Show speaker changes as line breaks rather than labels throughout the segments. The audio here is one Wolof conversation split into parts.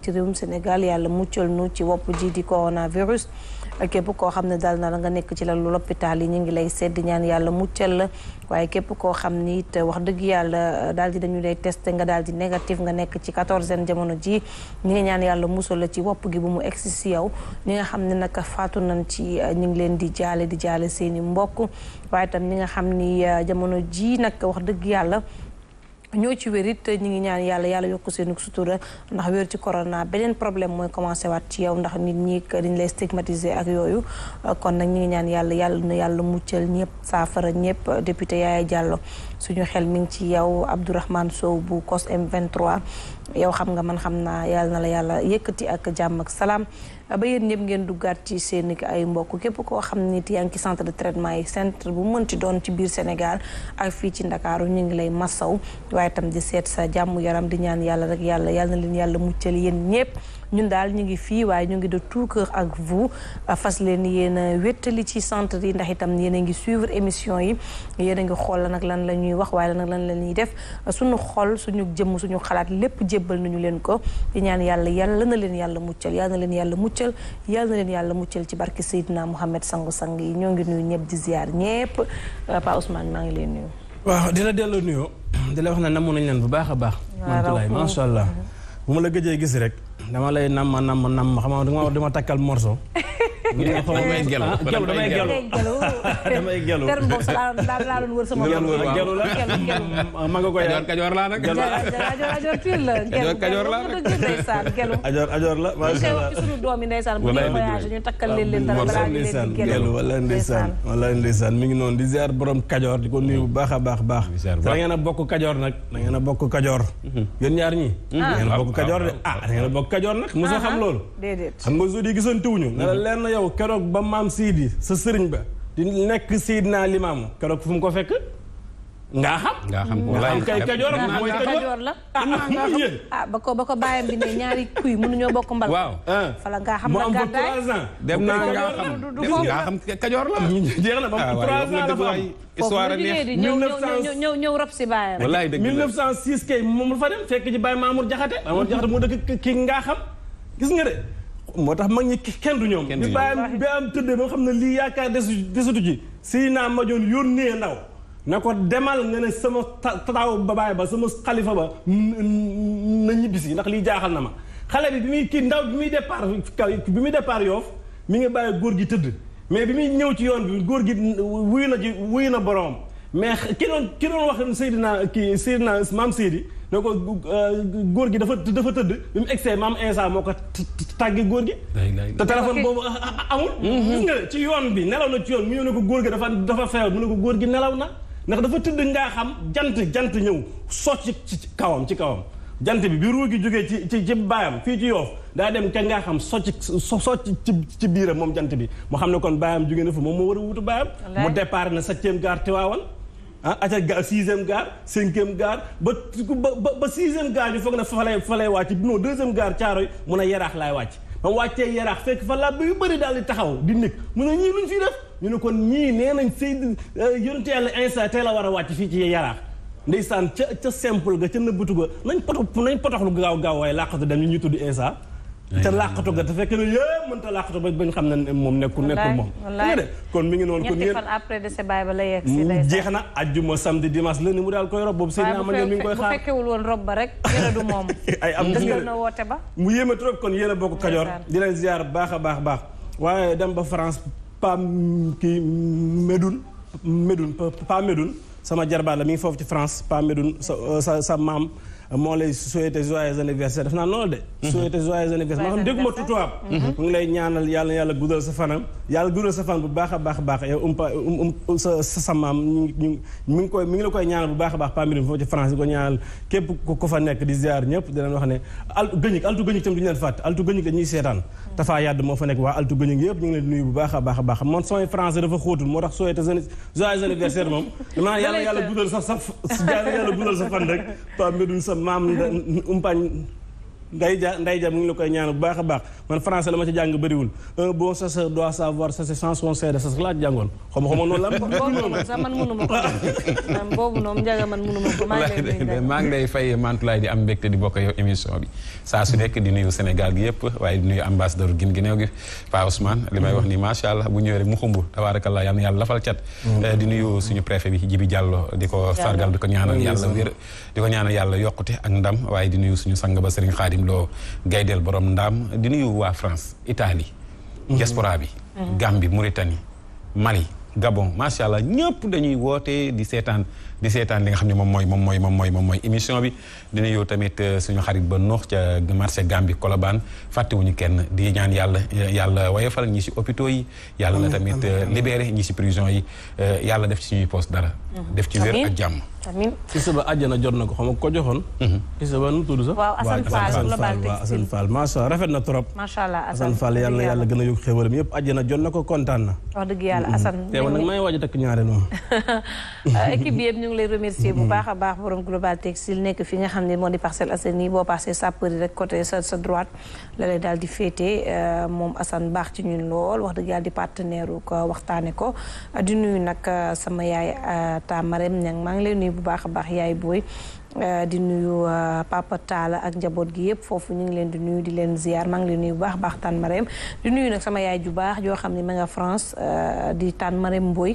ci réewum Sénégal yàlla muccal nu ci wopp ji di coronavirus képp koo xam ne daal na la nga nekk ci la lu lopitaal yi ñu ngi lay sedd ñaan yàlla muccal la waaye képp koo xam ni it wax dëgg yàlla daal di dañu lay teste nga daal di négatif nga nekk ci quatorzaine jamono ji ñi ñaan yàlla musal la ci wopp gi bu mu egsi si yow ñi nga xam ne nag faatu nañ ci ñu ngi leen di jaale di jaale seeni mbokk waaye tam ñi nga xam ni jamono ji nag wax dëgg yàlla ñoo ci wér it ñu ngi ñaan yàlla yàlla yokk seen sutura ndax wér ci corona beneen problème mooy commencé waat ci yow ndax nit ñi dañ lay stigmatiser ak yooyu kon nag ñu ngi ñaan yàlla yàlla na yàlla muccal ñëpp saafara ñëpp député yaay jàlloo suñu xel mi ngi ci yow Abdourahmane soow bu COS M23 yow xam nga man xam naa yàlla na la yàlla yëkkati ak jàmm ak salaam ba yéen ñëpp ngeen duggaat ci seen ay mbokk képp koo xam ni yaa ngi ci centre de traitement yi centre bu mënti doon ci biir Sénégal ak fii ci Ndakaaru ñu ngi lay masaw waaye tam di seet sa jàmm yaram di ñaan yàlla rek yàlla yàlla na leen yàlla muccal yéen ñëpp ñun daal ñu ngi fii waaye ñu ngi de tout cœur ak vous fas leen yéen a wéttali ci centre yi ndax itam yéen a ngi suivre émission yi yéen a ngi xool nag lan la ñuy wax waaye nag lan la ñuy def suñu xool suñu jëmm suñu xalaat lépp jébbal nañu leen ko di ñaan yàlla yàlla na leen yàlla muccal yàlla na leen yàlla muccal yàlla na leen yàlla muccal ci barki barke Seydina Mouhamed sangu-sang yi ñoo ngi nuyu ñëpp di ziar ñëpp euh, Pa Ousmane maa ngi leen nuyu
waaw dina delloo nuyoo di la wax na namoon nañ leen bu baax a baax mantulaay macha allah bu ma la gëjee gis rek dama lay nam ma nam ma xam nga dama takkal morso. damay gelu damay
gelu damay gelu terme laa la mm, ma nga koy kajoor kajoor laa la kajoor
mi ngi di ziar borom kajoor di ko nuyu bu a baax baax da ngeen a bokk kajoor nag da bokk kajoor mm-hmm. yéen ñaar ñi da ah. bokk ah, kajoor de ah kajoor nag mu mosoo xam loolu xam nga jodi gisante wuñu nga la mhm. leen na yow keroog ba maam siidi sa sëriñ ba di nekk Seydina Limaamu keroog fu mu ko fekk nga
xam. nga
xam
walaay kay kajoor ak mooy kajoor
la. Ah, ah, ah, ah ba ko ba ko bàyyam bi ne ñaari kuy mënuñoo bokk mbal. waaw fala nga xam la gàddaay dem naa nga xam nga xam
kajoor la. jeex na ba mu trois ans la fa am. histoire neex ñëw
ñëw si bàyyam. walaay dëgg
1906 kay moom fa dem fekk ci moo dëkk xam moo tax mag ñi kenn du ñoom. kenn du ñoom bi am tëddee ba xam ne lii yaakaar desut ji si naa ma joon yónnee ndaw na ko demal nga ne sama tataaw ba baay ba sama xalifa ba na ñibbisi ndax lii jaaxal na ma xale bi bi muy kii ndaw bi muy départ kaw bi muy départ yoof mi ngi bàyyi góor gi tëdd mais bi muy ñëw ci yoon bi góor gi wuyu na ji wuyu na boroom mais ki doon ki doon wax Seydina kii Seydina maam Seydi ne ko euh, góor gi dafa dafa tëdd bi mu egsee maam Insa moo ko tàgge góor gi te téléphone boobu amul mm-hmm. gis nga ci yoon bi nelaw na ci yoon mu ñëw ne ko góor gi dafa dafa feebar mu ne ko góor gi nelaw na ndax dafa tëdd ngaa xam jant jant ñëw socc ci kawam ci kawam jant bi bi ruu gi jógee ci ci ci baayam fii ci yoof daa dem ca ngaa xam socc socc ci ci biiram moom jant bi mu xam ne kon baayam jógee na fa moom moo war a wutu baayam mu départ na septième te Tiwaawan ah aca ga sixième gare cinquième gare ba ba ba sixième bi foog na fa lay fa lay wàcc non deuxième gare Caaroy mun a yaraax laay wàcc ba wàccee yaraax fekk fa laa yu bëri daal di taxaw di nekk mun a ñii luñ fii def ñu ne kon ñii nee nañ Seydou euh, yonent yàlla Insa tey la war a wàcc fii ci yaraax ndeysaan ca ca simple ga ca nëbbutu ga nañ poto nañ potoxlu gaaw gaaw waaye làqatu dem ñu ñuy tudd Insa te làqatu ga te fekk ne yëpp mënta làqatu ba bañ xam ne moom nekkul nekkul moom nga de kon mi ngi noonu kon ñetti fan
après de ba mu
mm, jeex na ajjuma samedi dimanche la ni mu daal koy rob boobu seen ama ñoom mi ngi fekkewul
woon rob ba rek yéen du moom
ay am dëggal na woote ba mu yéeme trop kon yéen a bokk Kajoor di leen ziar baax a baax baax waaye dem ba France paam kii medun Médoune Pa Médoune sama jarbaat la mi ngi foofu ci France Pa Médoune sa sa sa maam moo lay souhaité joyeux anniversaire daf naa noonu de. Mhm. souhaité joyeux anniversaire maa xam dégg ma tutuwaam. mu ngi lay ñaanal yàlla yàlla guddal sa fanam. yàlla guddal sa fan bu baax a baax a baax yow umpa um, um, um, um sa sa maam ñu ñu mi ngi koy mi ngi la koy ñaanal bu baax a baax Pa Médoune foofu ci France di ko ñaanal képp ko fa nekk di ziar ñëpp di wax ne. altu gëñëg altu gëñëg tam du ñu Tafa Yàdd moo fa nekk waa altu gëñu ngi yëpp ñu ngi leen bu baax a baax a baax man son français dafa xóotul moo tax souhaité joyeux anniversaire moom dama naan yàlla yàlla guddal sa sa yàlla guddal sa fan rek pa mbedum sa maam umpañ nday ja nday ja mu ngi la koy ñaan bu baax a baax man français la ma ci jàng bëriwul un bon chasseur doit savoir chasser sans son chef laa jàngoon xam xama noonu la ma ko
boobu noonu njaga man mënu ma
lay fay Mantoulaye di am mbégte di bokk yow émission bi saa su nekk di nuyu Sénégal gi yëpp waaye di nuyu ambassadeur Guinée gi Pa Ousmane li may wax ni macha allah bu ñëwee rek mu xumb tabaarakallah yal na yàlla lafal cat mm. eh, di nuyu suñu préfet bi Jibi Diallo di ko sargal di ko ñaanal yàlla wér di ko ñaanal yàlla yokkute ak ndam waaye di nuyu suñu sang ba Serigne Khadim Ibrahim Lo Gaydel borom ndaam di nuyu waa France Italie mhm. diaspora bi mhm. Gambie Mali Gabon macha allah ñëpp dañuy woote di seetaan di seetaan li nga xam ne moom mooy moom mooy moom mooy moom mooy émission bi dina yow tamit euh, suñu xarit ba noox ca marché Gambie Colobane fàttewuñu kenn di ñaan yàlla yàlla wayefal ñi si hôpitaux yi yàlla la tamit euh, libéré ñi si prison yi euh, yàlla def ci suñuy poste dara
mhm. def ci wér ak jàmm amiin mhm. rafet na trop macha a mhm. nag may
waaj a takk ñaareel
ngi lay remercier bu mhm. baax a baax borom global textile nekk fi nga xam ne moo di Parcelles Assainies boo passé sapeur yi rek côté sa sa droite la lay daal di féete euh, moom Assane baax ci ñun lool wax dëgg yàlla di partenaire ko waxtaane ko di nuyu nag euh, sama yaay euh, Tamarem ñang maa ngi lay nuyu bu baax a baax yaay booy Eh, di nuyu eh, Papa Talla ak njaboot gi yëpp foofu ñu ngi leen di nuyu di leen ziar maa ngi leen nuyu bu baax baax tànn Marème nuyu nag sama yaay ju baax yoo xam ne ma nga France eh, di tànn Marème Mboy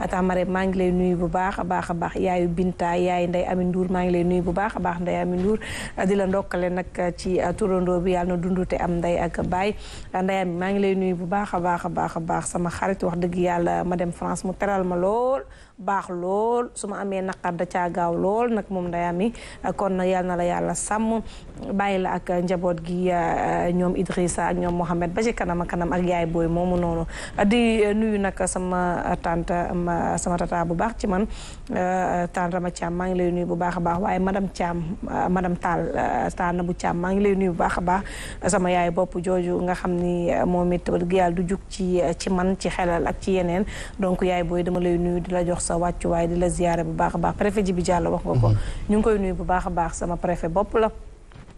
ah, tànn Marème maa ngi lay nuyu bu baax a baax a baax yaayu bintaay yaay ndey Ami Ndour maa ngi lay nuyu bu baax a baax Ndeye Ami Ndour ah, di la ndokkale nag ci turandoo bi yàlla na dundute am ndey ak baay ah, Ndeye Ami maa ngi lay nuyu bu baax a baax a baax a baax sama xarit wax dëgg yàlla ma dem France mu teral ma lool baax lool su ma amee naqar da caa gaaw lool nag moom ndeyam mi kon yal na la yàlla sàmm bàyyi la ak njaboot gi eh, ñoom Idrissa ak ñoom Mohamed ba ci kanama ak kanam ak yaay booy moomu noonu di nuyu nag sama tante sama tata bu baax ci man eh, tante Rama Thiam maa ngi lay nuyu bu baax a baax waaye madame Thiam eh, madame Tall Tana bu Thiam maa ngi lay nuyu bu baax a baax sama yaay bopp jooju nga xam ni moom it yàlla du jug ci ci man ci xelal ak ci yeneen donc yaay booy dama lay nuyu di la jox sa sa wàccuwaay di la ziyaare bu baax baax préfet ji bi wax nga ko mm-hmm. ñu ngi koy nuyu bu baax a baax sama préfet bopp la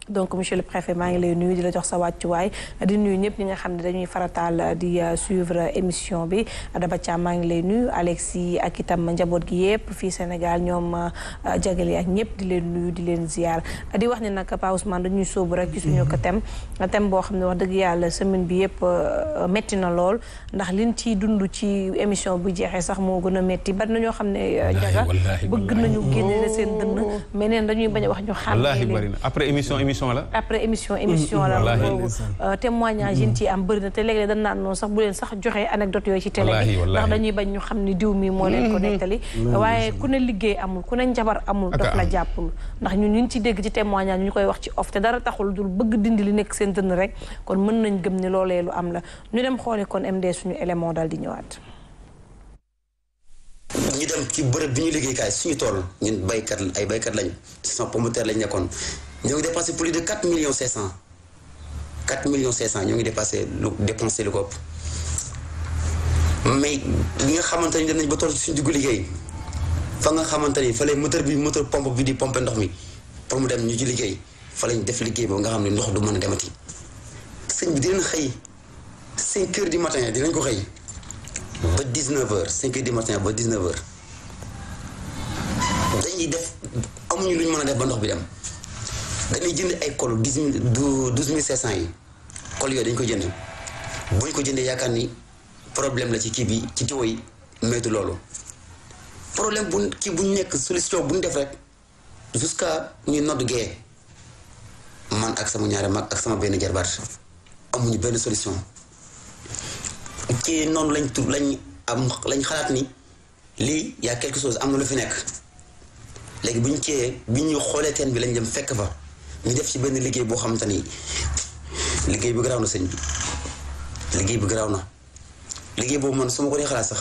donc monsieur le préfet maa ngi lay nuyu di la jox sa wàccuwaay di nuyu ñëpp ñi nga xam ne dañuy farataal euh, di euh, suivre émission bi Daba Thiam maa ngi lay nuyu Alexis ak itam njaboot gi yëpp fii Sénégal ñoom jagle euh, ak ñëpp di leen nuyu di leen ziar di wax ne nag Pa Ousmane dañuy soobu rek ci suñu ko mhm. thème thème boo xam ne wax dëgg yàlla semaine bi yëpp metti na lool ndax liñ ciy dund ci émission bu jeexee sax moo gën a métti bari na ñoo xam ne jaga bëgg nañu génne seen dënn oh. mais neen a
wax ñu émission la.
après émission émission la. wallaahi boobu euh, témoignage yi ci am bëri na te léeg-léeg dañ naan noonu sax bu leen sax joxe anecdote yooyu ci télé bi ndax dañuy bañ ñu xam ni diw mi moo leen ko nettali. Mm-hmm. Mm-hmm. waaye ku ne liggéey amul ku ne njabar amul. daf la jàppul ndax ñun ñu ci dégg ci témoignage ñu koy wax ci of te dara taxul dul bëgg dindi li nekk seen dënn rek kon mën nañ gëm ni loolee lu am la ñu dem xooli kon MD suñu élément daal di ñëwaat.
ci bërëb bi ñu liggéeykaay suñu tool ñun baykat ay baykat lañu sans promoteur lañ nekkoon ñoo ngi dépassé plus de 4 millions 500 4 millions cent ñoo ngi dépassé lu dépensé lu ko ëpp mais li nga xamante ni dem nañ ba toll suñ dugg liggéey fa nga xamante ni fa lay moteur bi moteur pompe bi di pompe ndox mi pour mu dem ñu ci liggéey fa lañ def liggéey boobu nga xam ne ndox du mën a demati. sëñ bi dinañ xëy cinq heures di matin dinañ ko xëy ba 19 heures 5 heures di matin ba 19 heures dañuy def amuñu luñ mën a def ba ndox bi dem. dañuy jënd ay col dix mille douze mille cinq yi col yooyu dañ koy jënd buñ ko jëndee yaakaar ni problème la ci kii bi ci tiwo yi moytu loolu problème bu kii bu nekk solution bu ñu def rek jusqu'à ñuy nodd gee man ak sama ñaari mag ak sama benn jarbaat ñu benn solution kii noonu lañ tu lañ am lañ xalaat ni lii y a quelque chose am na lu fi nekk léegi buñ ñu cee bi xoolee teen bi lañ dem fekk fa ñu def ci benn liggéey boo xamante ni liggéey bi garaaw na sëñ bi liggéey bi garaaw na liggéey boobu man suma ko dee xalaat sax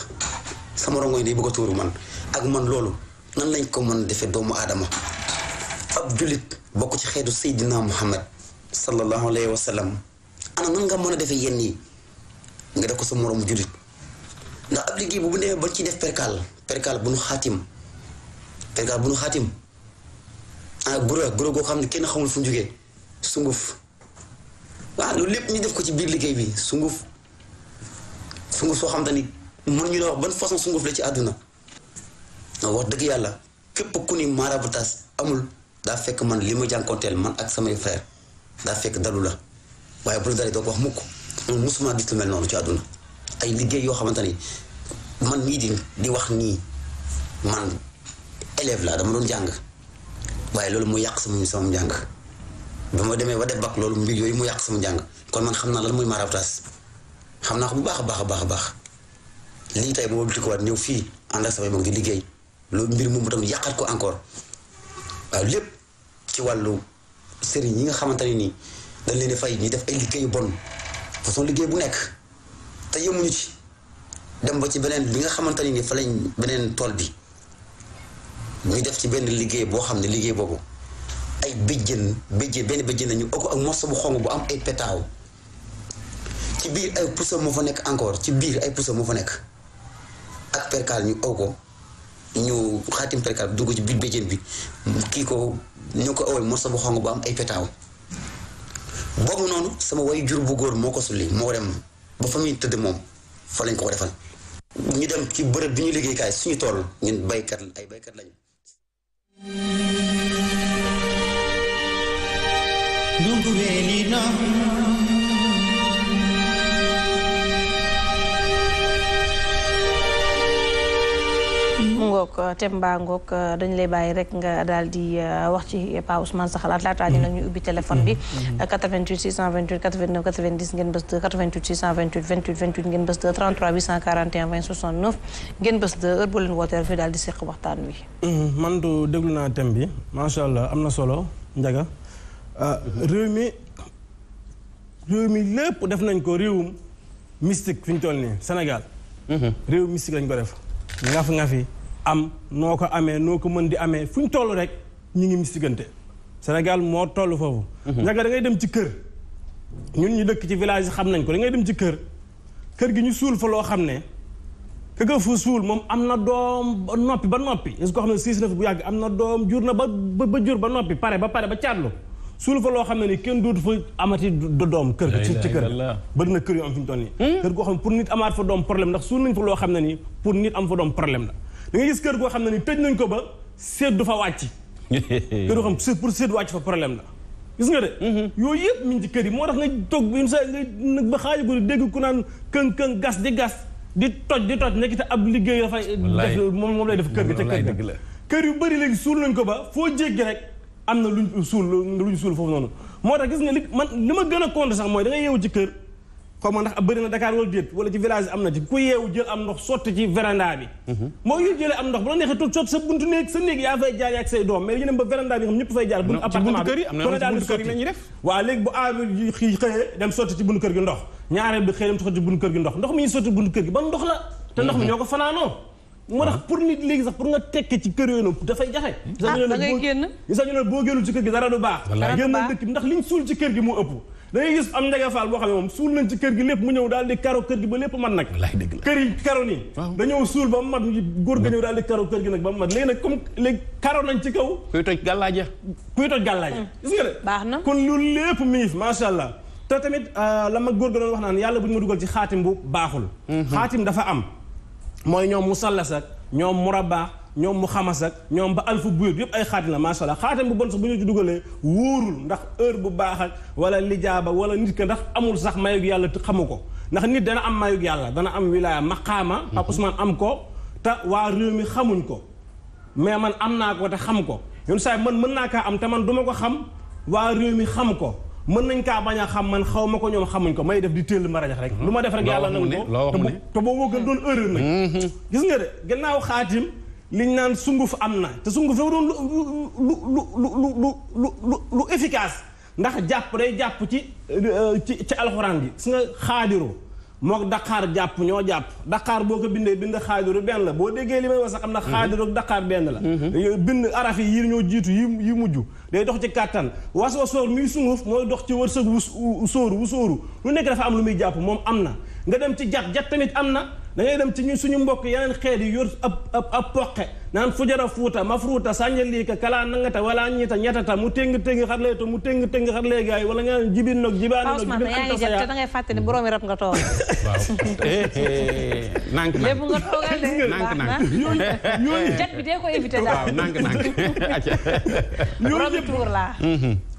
sama rongoñ day bëgg a tuuru man ak man loolu nan lañ ko mën a defee doomu aadama ab jullit bokk ci xeetu Seydina Muhammad sallallahu alayhi wa sallam ana nan nga mën a defee yenn yi nga def ko sa moromu jullit ndax ab liggéey bu bu demee ba ci def perkaal perkaal bu nu xaatim perkaal bu nu xaatim gura ah, gura goo xam ne kenn xamul fu mu sunguf waaw loolu lépp ñu def ko ci biir liggéey bi sunguf sunguf soo xam te ni mën ñu la wax ban façon sunguf la ci àdduna wax dëgg yàlla képp ku ni maraboutage amul daa fekk man li ma jànkoonteel man ak samay frère daa fekk dalu la waaye bu la dalee doo ko wax mukk man musuma gis lu mel noonu ci àdduna ay liggéey yoo xamante ni man mii di di wax nii man élève laa dama doon jàng waaye loolu mu yàq sama sama njàng ba ma demee ba def bac loolu mbir yooyu mu yàq sama njàng kon man xam naa lan mooy marabtaas xam naa ko bu baax a baax a baax a baax lii tey moo di ko waat ñëw fii ànd ak samay mag di liggéey loolu mbir moom tam yàqat ko encore waaw lépp ci wàllu sëriñ yi nga xamante ne nii dañ leen fay ñuy def ay liggéeyu bon façon liggéey bu nekk te yemuñu ci dem ba ci beneen bi nga xamante ne nii fa lañ beneen tool bi. ñu def ci benn liggéey boo xam ne liggéey boobu ay bëjjën béjjën benn béjjën nañu ëpp ak morso bu xong bu am ay petaaw ci biir ay pusa moo fa nekk encore ci biir ay pusa moo fa nekk ak perkaal ñu aw ñu xaatim dugg ci biir béjjën bi kii ko ñu ko awal morso bu xong bu am ay petaaw boobu noonu sama way jur bu góor moo ko sulli moo dem ba fa tëdd moom fa lañ ko ko defal ñu dem ci bërëb bi ñu liggéeykaay suñu tool ñun baykat ay baykat lañu
Ndugu Belina
mu ngoog euh, thème baa ngoog euh, dañu lay bàyyi rek nga daal di euh, wax ci Pa Ousmane sa xalaat laataa ñu la ñuy ubbi téléphone bi 88 628 89 90 ngeen bës 2 88 628 28 28 ngeen bës 2 33 841 20 69 ngeen bës 2 heure boo leen wootee rek ñu di seq waxtaan wi
mm-hmm. man déglu naa thème bi macha allah am na solo njaga réew mi réew mi lépp def nañ ko réew mystique fi ñu toll nii Sénégal mm-hmm. réew mystique lañ ko def ngaf ngafi am noo ko amee noo ko mën di amee fu ñu toll rek ñu ngi siggante Sénégal moo toll foofu ñaga mhm. dangay dem ci kër ñun ñu dëkk ci village xam nañ ko dangay dem ci kër kër gi ñu suul fa loo xam ne ka ka fa moom am na doom ba noppi ba noppi bu yàgg am na doom jur na ba ba jur ba noppi pare ba pare ba caatlu suul loo xam ne ni kenn dootu fa amati doom kër ci ci kër bëri na kër yu am fi ñu toll nii hmm? kër goo xam ne pour nit amaat fa doom problème ndax suul nañ fa loo xam ne ni pour nit am fa doom problème la da nga gis kër goo xam ne ni tëj nañ ko ba seet du fa wàcc
kër goo
xam pour seet wàcc fa problème la gis nga de mhm. yooyu yëpp mi ngi ci kër yi moo tax nga toog bi sa nga nag ba xaaju ko di dégg ku naan këng këng gas di gas di toj di toj nekk te ab liggéey dafay def moom moom lay def kër gi te kër gi kër yu bëri léegi suul nañ ko ba foo jéggi rek am na lu luñ suul luñ suul foofu noonu moo tax gis nga li man li ma gën a compte sax mooy da ngay yeewu ci kër xaw ma ndax bëri na Dakar wala déet wala ci village am na ci ku yeewu jël am ndox sotti ci véranda bi mhm. moo yu jëlee am ndox bu la sa buntu kër gi ndox ñaareel bi xëy dem sotti buntu kër gi ba ndox la te ndox mi mhm. ñoo ko fanaanoo moo tax mhm. pour nit léegi sax pour nga tekk ci kër yooyu noonu dafay jafe ah, da ngay génn boo génnul ci kër gi dara du baax ndax liñ suul ci kër gi moo ëpp da ngay gis am Ndiaga Fall boo xam ne moom suul nañ ci kër gi lépp mu ñëw daal di karo kër gi ba lépp man nag kër yi karo nii dañoo suul ba mu mat góor ga ñëw daal di karo kër gi nag ba mu mat léegi nag comme léegi nañ ci kaw kuy gàllaaja kuy toj mm. na kon loolu lépp mi ngi macha allah te tamit euh, la ma góor ga doon wax naan yàlla bu ñu ma dugal ci xaatim bu baaxul mm-hmm. xaatim dafa am mooy ñoom musallasa ñoom murabba ñoom mu xamas ak ñoom ba alfu buyut yëpp ay xaatim la macha la xaatim bu bon sax bu ñu ci dugalee wóorul ndax heure bu baax ak wala lijaaba wala nit ka ndax amul sax mayug yàlla te xamu ko ndax nit dana am mayug yàlla dana am wilaya maqaama mhm. Pape Ousmane am ko te waa mi xamuñ ko mais man am naa ko te xam ko yoon saa man mën naa kaa am te man du ma ko xam waa réew mi xam ko mën nañ kaa bañ xam man xaw ma ko ñoom xamuñ ko may def di téel ma rajax rek mhm. lu ma def rek yàlla nangu ko te boo wëggal doon erreur nag mhm. gis nga de gannaaw xaatim liñ naan sunguf am na te sunguf dafa doon lu lu lu lu lu lu efficace ndax jàpp day jàpp ci euh, ci ci alxuraan bi su nga xaadiru mook daqaar jàpp ñoo jàpp daqaar boo ko bindee bind xaadiru benn la boo déggee li may wax sax xam na mhm. xaadiru ak daqaar benn la mhm. bind araf yi yi ñoo jiitu yi yi mujj day dox ci kàttan was wa soor muy sunguf mooy dox ci wërsëg wu sóoru wu sóoru lu nekk dafa am lu muy jàpp moom am na nga dem ci jat jat tamit am na da dem ci ñu suñu mbokk yeneen xeet yi yor ab ab ab poqe naan fujara fuuta mafruuta sànjaliika kalaa nangata wala ñita ñetata mu téng téng xar leeto mu téng téng xar leegaay wala nga naan jibin nog jibaani nog jibin anta sa yaa da
ngay fàtte ne boroomi nga toog
eh, eh, nank nank
lépp nga toogal yooyu yooyu jat bi dee ko éviter daal nank
nank
yooyu yëpp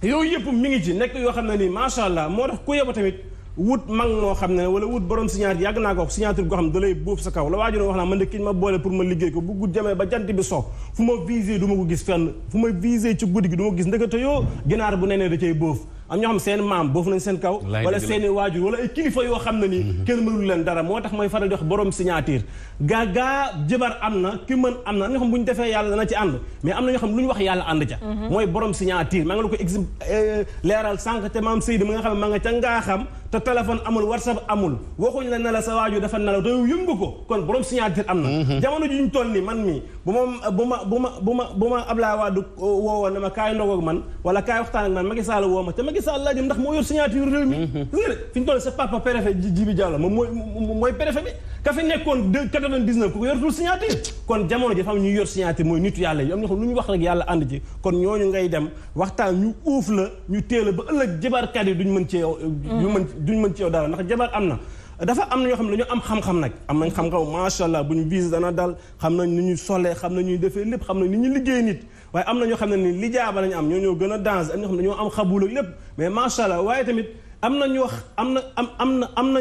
yooyu yëpp mi ngi ci nekk yoo xam ne nii macha allah moo tax ku yeba tamit wut mag moo xam ne wala wut borom signature yàgg naa ko wax signature goo xam ne da lay buuf sa kaw la waajur wax naa man de kiñ ma boole pour ma liggéey ko bu jamee ba jant bi so fu ma visé du ma ko gis fenn fu ma visé ci guddi gi du ma ko gis ndekete yoo ginaar bu nenee da cay bóof am ñoo xam seen maam boofu nañ seen kaw wala seeni waajur wala ay kilifa yoo xam ne ni mhm. kenn mënul leen dara moo tax mooy faral di wax borom signature gaa gaa jëbar am na ki mën am na am ñoo xam bu ñu defee yàlla dana ci ànd mais am na ñoo xam lu ñu wax yàlla ànd mhm. mooy borom signature maa ngi la ko exi eh, te maam Seydou mi nga xam ne maa nga ca ngaa xam te téléphone amul whatsapp amul waxuñ la ne la sa waajur dafa nelaw te yëngu ko kon borom signature am na mhm. jamono ji ñu toll nii man mi bu ma bu ma bu ma bu ma bu ma Ablaye Wade eh, woowoon ne ma kaay ndogoog wa wala kaay waxtaan ma Macky Sall laa ndax moo yor signature réew mi mhm. fi ñu toll sa papa préfet Djibi Diallo moom mooy mooy préfet bi ka fi nekkoon de ko yortul signature kon jamono ji fa am ñuy yor signature mooy nitu yàlla yi am na xam lu ñu wax rek yàlla ànd ci kon ñooñu ngay dem waxtaan ñu uuf la ñu téel a ba ëllëg jabarkat yi duñ mën ci yow mhm. duñ mën duñ mën ci yow dara ndax jabar am na dafa am na ñoo xam ne dañoo am xam-xam nag am nañ xam-xam macha allah bu ñu vise dana dal xam nañ ñu ñuy solee xam na ñuy defee lépp xam nañ ni ñuy liggéey nit waaye am na ñoo xam ne ni li jaaba lañu am ñoo ñoo gën a danse am ñoo xam ne ñoo am xabul ak lépp mais macha allah waaye tamit am na ñoo am na am am na am na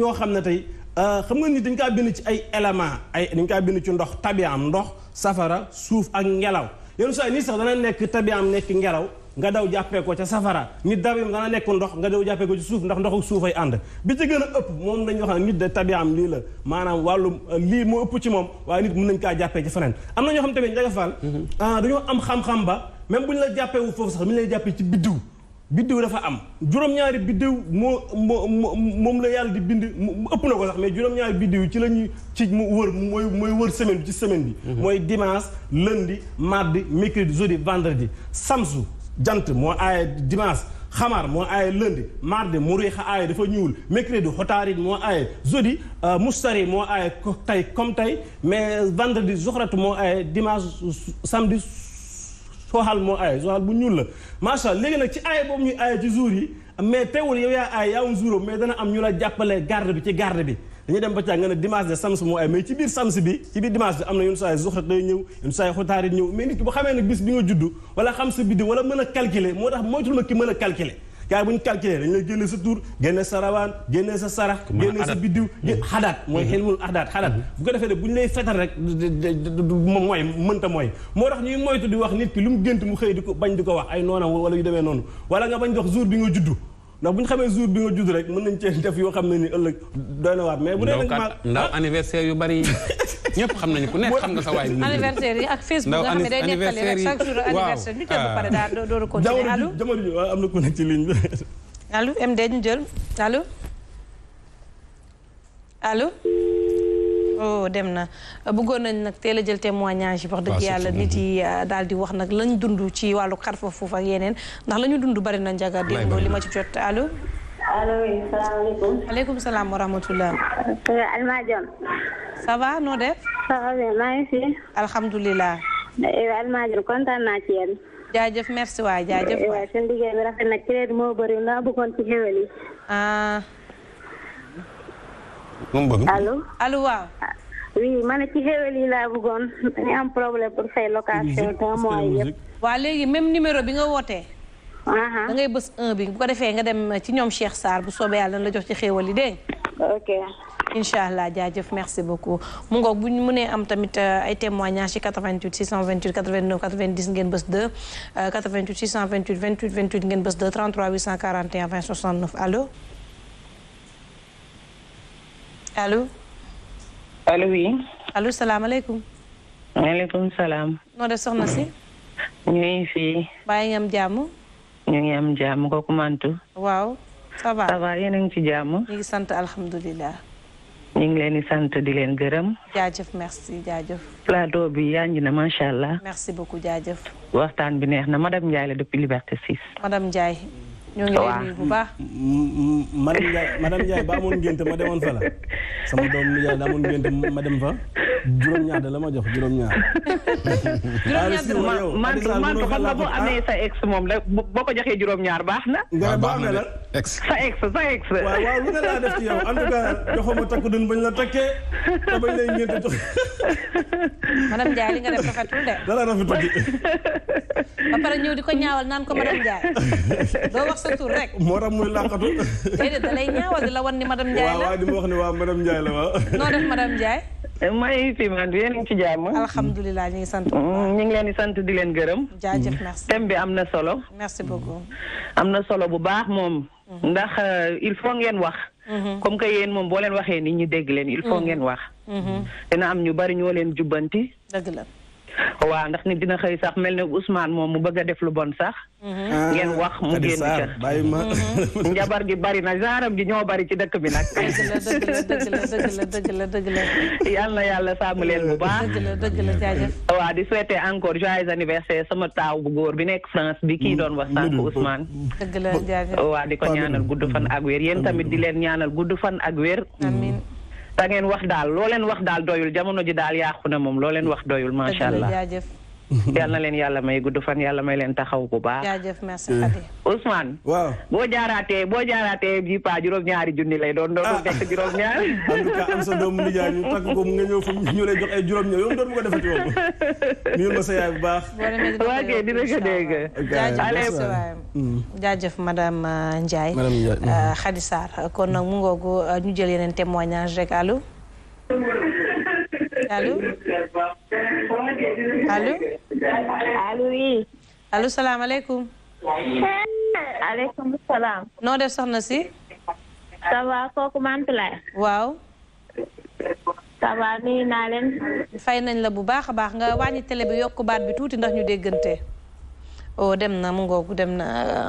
ñoo xam ne tey euh, xam nga ni dañ kaa bind ci ay éléments ay dañ kaa bind ci ndox tabiam ndox safara suuf ak ngelaw yenn saa yi sax dana nekk tabiam nekk ngelaw nga daw jàppee ko ca safara nit dabim dana nekk ndox nga daw jàppee ko ci suuf ndax ndox ak suufay ànd bi ci gën a ëpp moom dañuy wax ne nit de tabiam lii la maanaam wàllu euh, lii moo ëpp ci moom waaye nit nañ kaa jàppee ci feneen am na ñoo xam tamit njaga faal mhm. ah dañoo am xam-xam ba même bu ñu la jàppee wu foofu sax bu ñu lay jàppee ci biddiw biddiw dafa am juróom-ñaari biddiw moo moo moom la yàlla di bind mu ëpp na ko sax mais juróom-ñaari biddiw ci la ñuy ci mu wër mooy mooy wër semaine bi ci semaine bi mhm. mooy dimanche lundi mardi mercredi jeudi vendredi samsu jant moo aaye dimanche xamar moo aaye lundi mardi muriixa aaye dafa ñuul mercredi xotaarit moo aaye jeudi euh, mustari moo aaye tey comme tey mais vendredi zoxratu moo aaye dimanche samedi soxal moo aaye soxal bu ñuul la macha allah léegi nag ci aaye boobu ñuy aaye ci jour yi mais teewul yow yaa aaye yaa un jour mais dana am ñu la jàppale garde bi ci garde bi dañuy dem ba càag nga ne dimanche de sams moo ay mais ci biir sams bi ci biir dimanche bi am na yun saay zuxrat day ñëw yun saay xutaarit ñëw mais nit ki bu xamee nag bis bi nga juddu wala a calculer moo tax moytul ma ki a calculer gars xadaat mooy hmm. xelmul axdaat xadaat hmm. bu ko defee de bu ñu lay fetal rek mooy mënta mooy moo tax ñuy moytu di wax nit ki lu mu gént mu xëy di ko bañ di ko wax ay noonam wala yu demee noonu wala nga bañ di wax jour bi nga juddu ndax bu ñu xamee jour bi nga judd rek mën nañ cee def yoo xam ne ni ëllëg doy na waat mais bu dee nag ma
ndaw ah? anniversaire yu bari ñëpp xam nañu ku nekk xam na sa waay anniversaire
yi ak Facebook nga xam ne day nekkale rek chaque allo
jamono ji waaw am na ku nekk ci ligne bi
allo MD ñu jël allo allo oh dem na euh, bëggoon nañ nag teel a jël témoignage yi wax dëgg yàlla nit yi euh, daal di wax nag lañ dund ci wàllu xarfa foofu ak yeneen ndax la ñu dund bari na njaga démb li ma ci jot allo allo salaamaaleykum aleykum salaam wa rahmatullah Alma Dione ça va noo def ça va bien fi alhamdulilah Alma Dione kontaan naa ci yéen jaajëf merci waay jaajëf waay seen liggéey bi rafet na ci leen moo bëri naa bëggoon ci xéwal
nu bëgg. allo
alo waaw. oui
ma ne ci xéwal yi laa bëggoon dañu am problème pour fay location un mois yëpp.
waa léegi même numéro bi nga wootee. da ngay bës un bi bu defee nga dem ci ñoom Cheikh Sarr bu soobee yàlla la jox ci xéwal yi dégg ok. incha allah jaajëf merci beaucoup mu ngoog bu ñu mënee am tamit euh, ay témoignages ci 88 628 89 90 ngeen bës 2 88 628 28 28 ngeen bës 2 33 841 20 69 allo.
alo allo oui.
allo salaamaaleykum.
maaleykum salaam.
noo def soxna si.
ñu fii. baa ngi jàmm. ñu ngi am jàmm kooku mantu.
waaw ça va ça
yéen a ngi ci jàmm.
ñu ngi sant alhamdulilah.
ñu ngi leen di sant di leen gërëm.
jaajëf merci jaajëf.
plateau bi yànji na macha allah.
merci beaucoup jaajëf.
waxtaan bi neex na madame Ndiaye la depuis Liberté 6.
madame Ndiaye. ñoo ngi lay nuyu bu baax.
madame Ndiaye madame Ndiaye ba amoon ngént ma demoon fa la sama doom Ndiaye da amoon ngént ma dem fa juróom-ñaar da la ma jox juróom-ñaar.
juróom-ñaar mantu mantu xam nga boo amee sa ex moom la boo ko joxee juróom-ñaar baax na. nga baax na la ex sa ex sa ex. a waaw lu ne laa def ci yow en tout cas joxuma
takku dun bañ la takkee
li nga def rafetul de. dara rafetul de. ba pare ñëw di ko ñaawal naan ko madame
Ndiaye surtout rek. moo tax muy làqatu. déedéet da lay
ñaawal di la wan ni madame Ndiaye la waaw waaw
di ma wax ni waaw madame Ndiaye la waaw.
noo def madame Ndiaye. maa ngi man yéen ci jàmm. alhamdulilah ñu ngi sant mm, ñu ngi leen di sant di leen gërëm. jaajëf merci thème bi am na solo. merci beaucoup. am na solo bu baax moom. Mhm. ndax euh, il faut ngeen wax. Mhm. comme que yéen moom boo leen waxee nit ñu dégg leen il faut mhm. ngeen wax. dina am ñu bari ñoo leen jubbanti. dëgg la. waaw ndax ni dina xëy sax mel ne Ousmane moom mu bëgg a def lu bon sax.
Mm-hmm. ngeen wax
mu génn ca mm-hmm. njabar gi bari na jaaram gi ñoo bari ci dëkk bi nag.
dëgg la dëgg la yal na
yàlla sàmm leen bu baax. dëgg la dëgg la jaajëf. waaw di souhaiter encore joyeux anniversaire sama taaw bu góor bi nekk France bi kii doon wa sànq mm-hmm. Ousmane. dëgg la jaajëf. waaw di ko ñaanal gudd fan ak wér yéen tamit di leen ñaanal gudd fan ak wér. amiin. da ngeen wax daal leen wax daal doyul jamono ji daal yàqu na moom loo leen wax doyul macha allah. yal na leen yàlla may gudd fan yàlla may leen taxaw bu baax. jaajëf merci Khady. Mm. Ousmane. waaw boo jaaraatee boo jaaraatee bii paa ñaari junni lay doon doon ah. nekk am sa doomu nijaay ñu takk ko mu
bu baax.
waa
kay dina ko
dégg. jaajëf mm. jaajëf madame euh, Ndiaye. madame Ndiaye mm-hmm. euh, Khady Sarr kon nag mu ngoogu euh, ñu jël yeneen témoignage rek allo.
allo allo.
allo oui. allo salaamaaleykum. aleykum noo def soxna si. ça va kooku Mantoulaye. waaw. ça va naa leen. fay nañ la bu baax a baax nga wàññi tele bi yokk baat bi tuuti ndax ñu déggante. o oh, dem na mu ngoogu dem na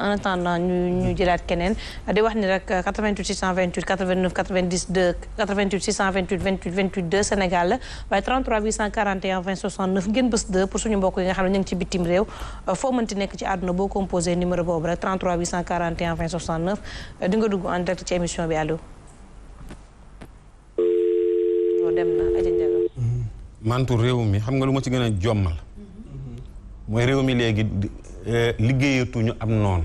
en attendant ñu ñu jëlaat keneen di wax ni rek 88 628 89 92 88 628 28 28 2 Sénégal la waaye 33 841 20 69 ngeen bés 2 pour suñu mbokk yi nga xam ne ñu ngi ci bitim réew euh, foo mënti nekk ci àdduna boo composé numéro boobu rek 33 841 20 69 di nga dugg en direct ci émission bi allo. Oh, dem na mm-hmm.
mantu réew mi xam nga lu ma ci gën a jommal. Mm-hmm. mooy réew mi léegi Euh, liggéeyatu ñu am noon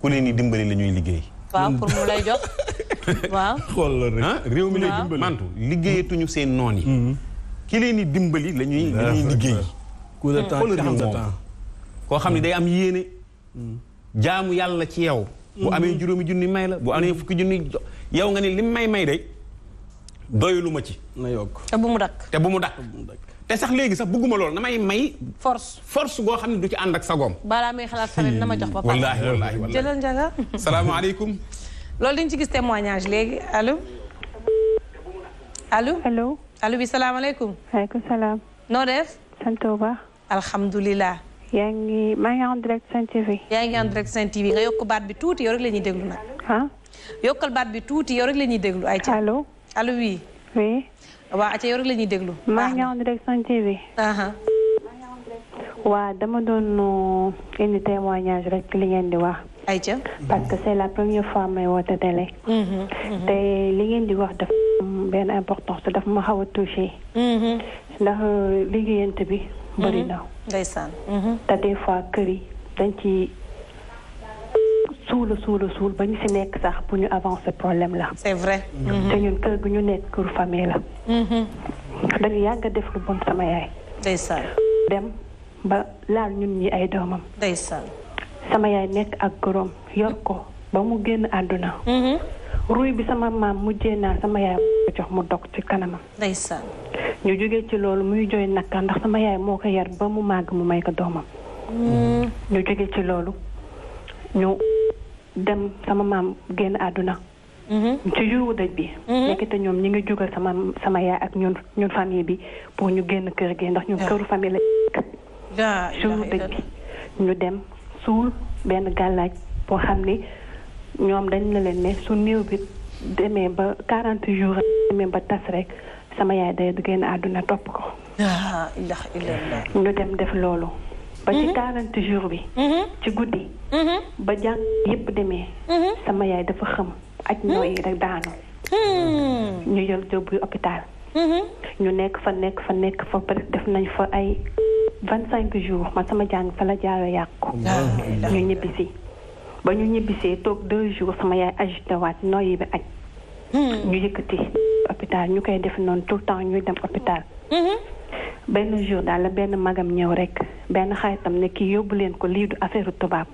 ku leen di dimbali lañuy liggéey.
waaw pour mu lay
jox
waaw. xoolal rek réew mi lay dimbali mantu liggéeyatuñu seen noon yi. Mm-hmm. ki leen dimbali la ñuy la ñuy de koo xam ne mm. day am yéene. Mm. jaamu yàlla ci yow. Mm-hmm. bu amee juróomi junni may la bu amee fukki junni yow nga ne lim may may de doyuluma ci. na yokk te bu mu dakk te bu mu dakk. te sax léegi sax bëgguma lool namay may. force force goo xam ne du ci ànd ak sagoom.
balaa may xalaat tamit na ma jox ba pare. wallaahi wallaahi wallaahi jëlal njaga. salaamaaleykum. loolu dañu ci gis témoignage léegi allo. allo allo. allo bi salaamaaleykum.
maaleykum salaam. noo def. sant bu
alhamdulilah.
yaa ngi maa ngi en direct Sen TV.
yaa ngi en direct Sen nga yokk baat bi tuuti yow rek la ñuy déglu nag. Ah. yokkal baat bi tuuti yow rek la ñuy déglu. ay ci allo alo oui. waa acca yow rek la ñuy déglu.
maa ngi en direct Sen TV. waa dama doon uh, indi témoignage rek li ngeen di wax. ayca parce que c'est la première fois may wote télé. Mm-hmm, mm-hmm. te li ngeen di wax dafa am benn importance te dafa ma xaw a touché. Mm-hmm. ndax uh, liggéeyante bi. bëri te des fois kër yi dañ suul a suul ba ñu si nekk sax bu ñu avancer problème la. c'est vrai. te mhm. ñun kër gu ñu nekk këru famille la. Mhm. dañu yàgg a def lu bon sama yaay. ndeysaan. dem ba laal ñun ñi ay doomam. ndeysaan. sama yaay nekk ak góoram yor ko ba mu génn àdduna. Mhm. ruy bi sama maam mujjee naa sama yaay ko jox mu dog ci kanamam. ndeysaan. ñu jóge ci loolu muy jooy naka ndax sama yaay moo ko yar ba mu màgg mu may ko doomam. ñu jógee ci loolu ñu. dem sama maam génn àdduna. Mm-hmm. ci yuuru daj bi. Mm-hmm. nekkite ñoom ñu ngi jugal sama sama yaay ak ñun ñun famille bi pour ñu génn kër gi ndax ñun këru famille la daa yuuru daj bi ñu dem suul benn gàllaaj boo xam ni ñoom dañ la leen ne su néew bi demee ba 40 jours demee ba tas rek sama yaay day génn àdduna topp ko. ñu dem def loolu. ba ci quarante mhm. jours bi. Mhm. ci guddi. Mhm. ba jàng yépp demee. sama yaay dafa xam. ak nooy rek daanu. Hmm. ñu yor yóbbu hôpital. ñu nekk fa nekk fa nekk fa presque def nañ fa ay vingt cinq jours man sama jàng fa la jaaroo yàqu. ñu ñibbisi ba ñu ñibbisee toog deux jours sama yaay agité waat nooyi bi aj hmm. ñu yëkkati hôpital ñu koy def noonu tout le temps ñuy dem hôpital. benn jour daal la benn magam ñëw rek benn xaritam ne kii yóbbu leen ko lii du affaire tubaab.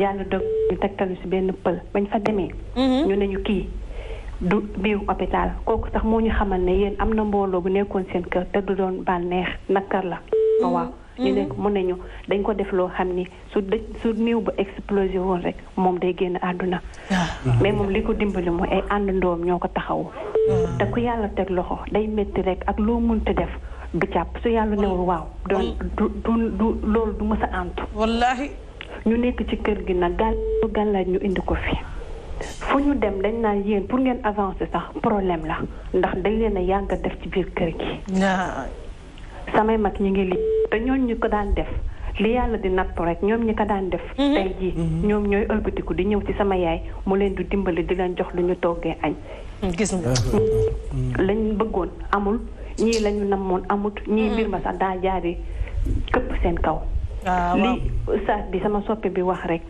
yàlla mhm. dog ñu tegtalu si benn pël bañ fa demee. Mhm. ñu ne ñu kii du biir hôpital kooku sax moo ñu xamal ne yéen am na mbooloo bu nekkoon seen kër te du doon bànneex nakkar la. Mhm. Oh, waaw ñu ne mun nañu dañ ko def loo xam ni su dë su néew bu explosé woon rek moom day génn àdduna. Ah. mais moom li ko dimbali mu ay àndandoom ñoo ko taxawu. Ah. te ku yàlla teg loxo day métti rek ak loo mënti def. du jàpp su yàlla newul waaw. donc du du du loolu du mës a antu. wallaahi. ñu nekk ci kër gi nag gàll gàllaaj ñu indi ko fi. fu ñu dem dañ naan yéen pour ngeen avancer sax problème la ndax dañ leen a yàgg a def ci biir kër gi. samay mag ñi ngi li te ñooñu ñu ko daan def li yàlla di nattu rek ñoom ñi ko daan def. Mhm. tey jii mhm. ñoom ñooy ëlbatiku di ñëw ci sama yaay mu leen di dimbali di leen jox lu ñu toggee añ. nga. lañ bëggoon amul ñii lañu namoon amut ñii mm. mbir ma sax daa jaari këpp seen kaw ah, li ustaas bi sama soppe bi wax rek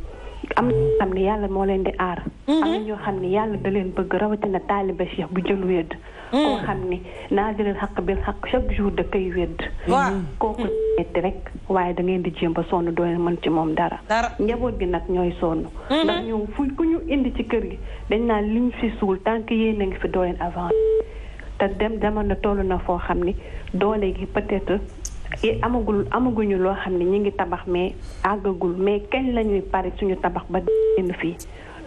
am xam ne yàlla moo leen di aar mm-hmm. am na ñoo xam ne yàlla da leen bëgg rawatina taaliba cheikh bu jël wedd mm. koo xam ne naazilil xaq bil xaq chaque jour da koy wedd mm-hmm. kooku metti rek waaye da ngeen di jéem ba sonn doo leen mën ci moom dara njaboot gi nag ñooy sonn mm-hmm. ndax ñoom fu ku ñu indi ci kër gi dañ naa liñ fi suul tant que yéen a ngi fi doo leen avant te dem jamono toll na foo xam ni doole gi peut-être amagul amaguñu loo xam ni ñu ngi tabax mais àggagul mais kenn lañuy pare suñu tabax ba génn fii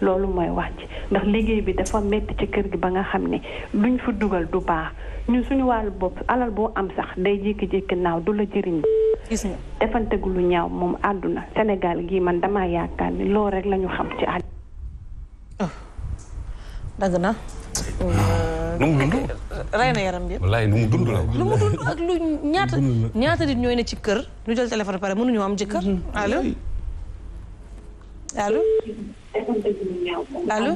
loolu mooy wax ci ndax liggéey bi dafa métti ci kër gi ba nga xam ne luñ fa dugal du baax ñun suñu wàllu bopp alal boo am sax day jékki-jékki naaw du la jëriñ. gis nga defantegu lu ñaaw moom àdduna senegal gii man damaa yaakaar ni loolu rek la ñu xam ci àdduna. na.
blessé. nu mu dund.
rey na yaram bi yëpp.
lu mu dund la lu mu
dund ak lu ñaata ñaata ñooy ne ci kër ñu jël téléphone pare mënuñoo am jëkkër allo
allo allo.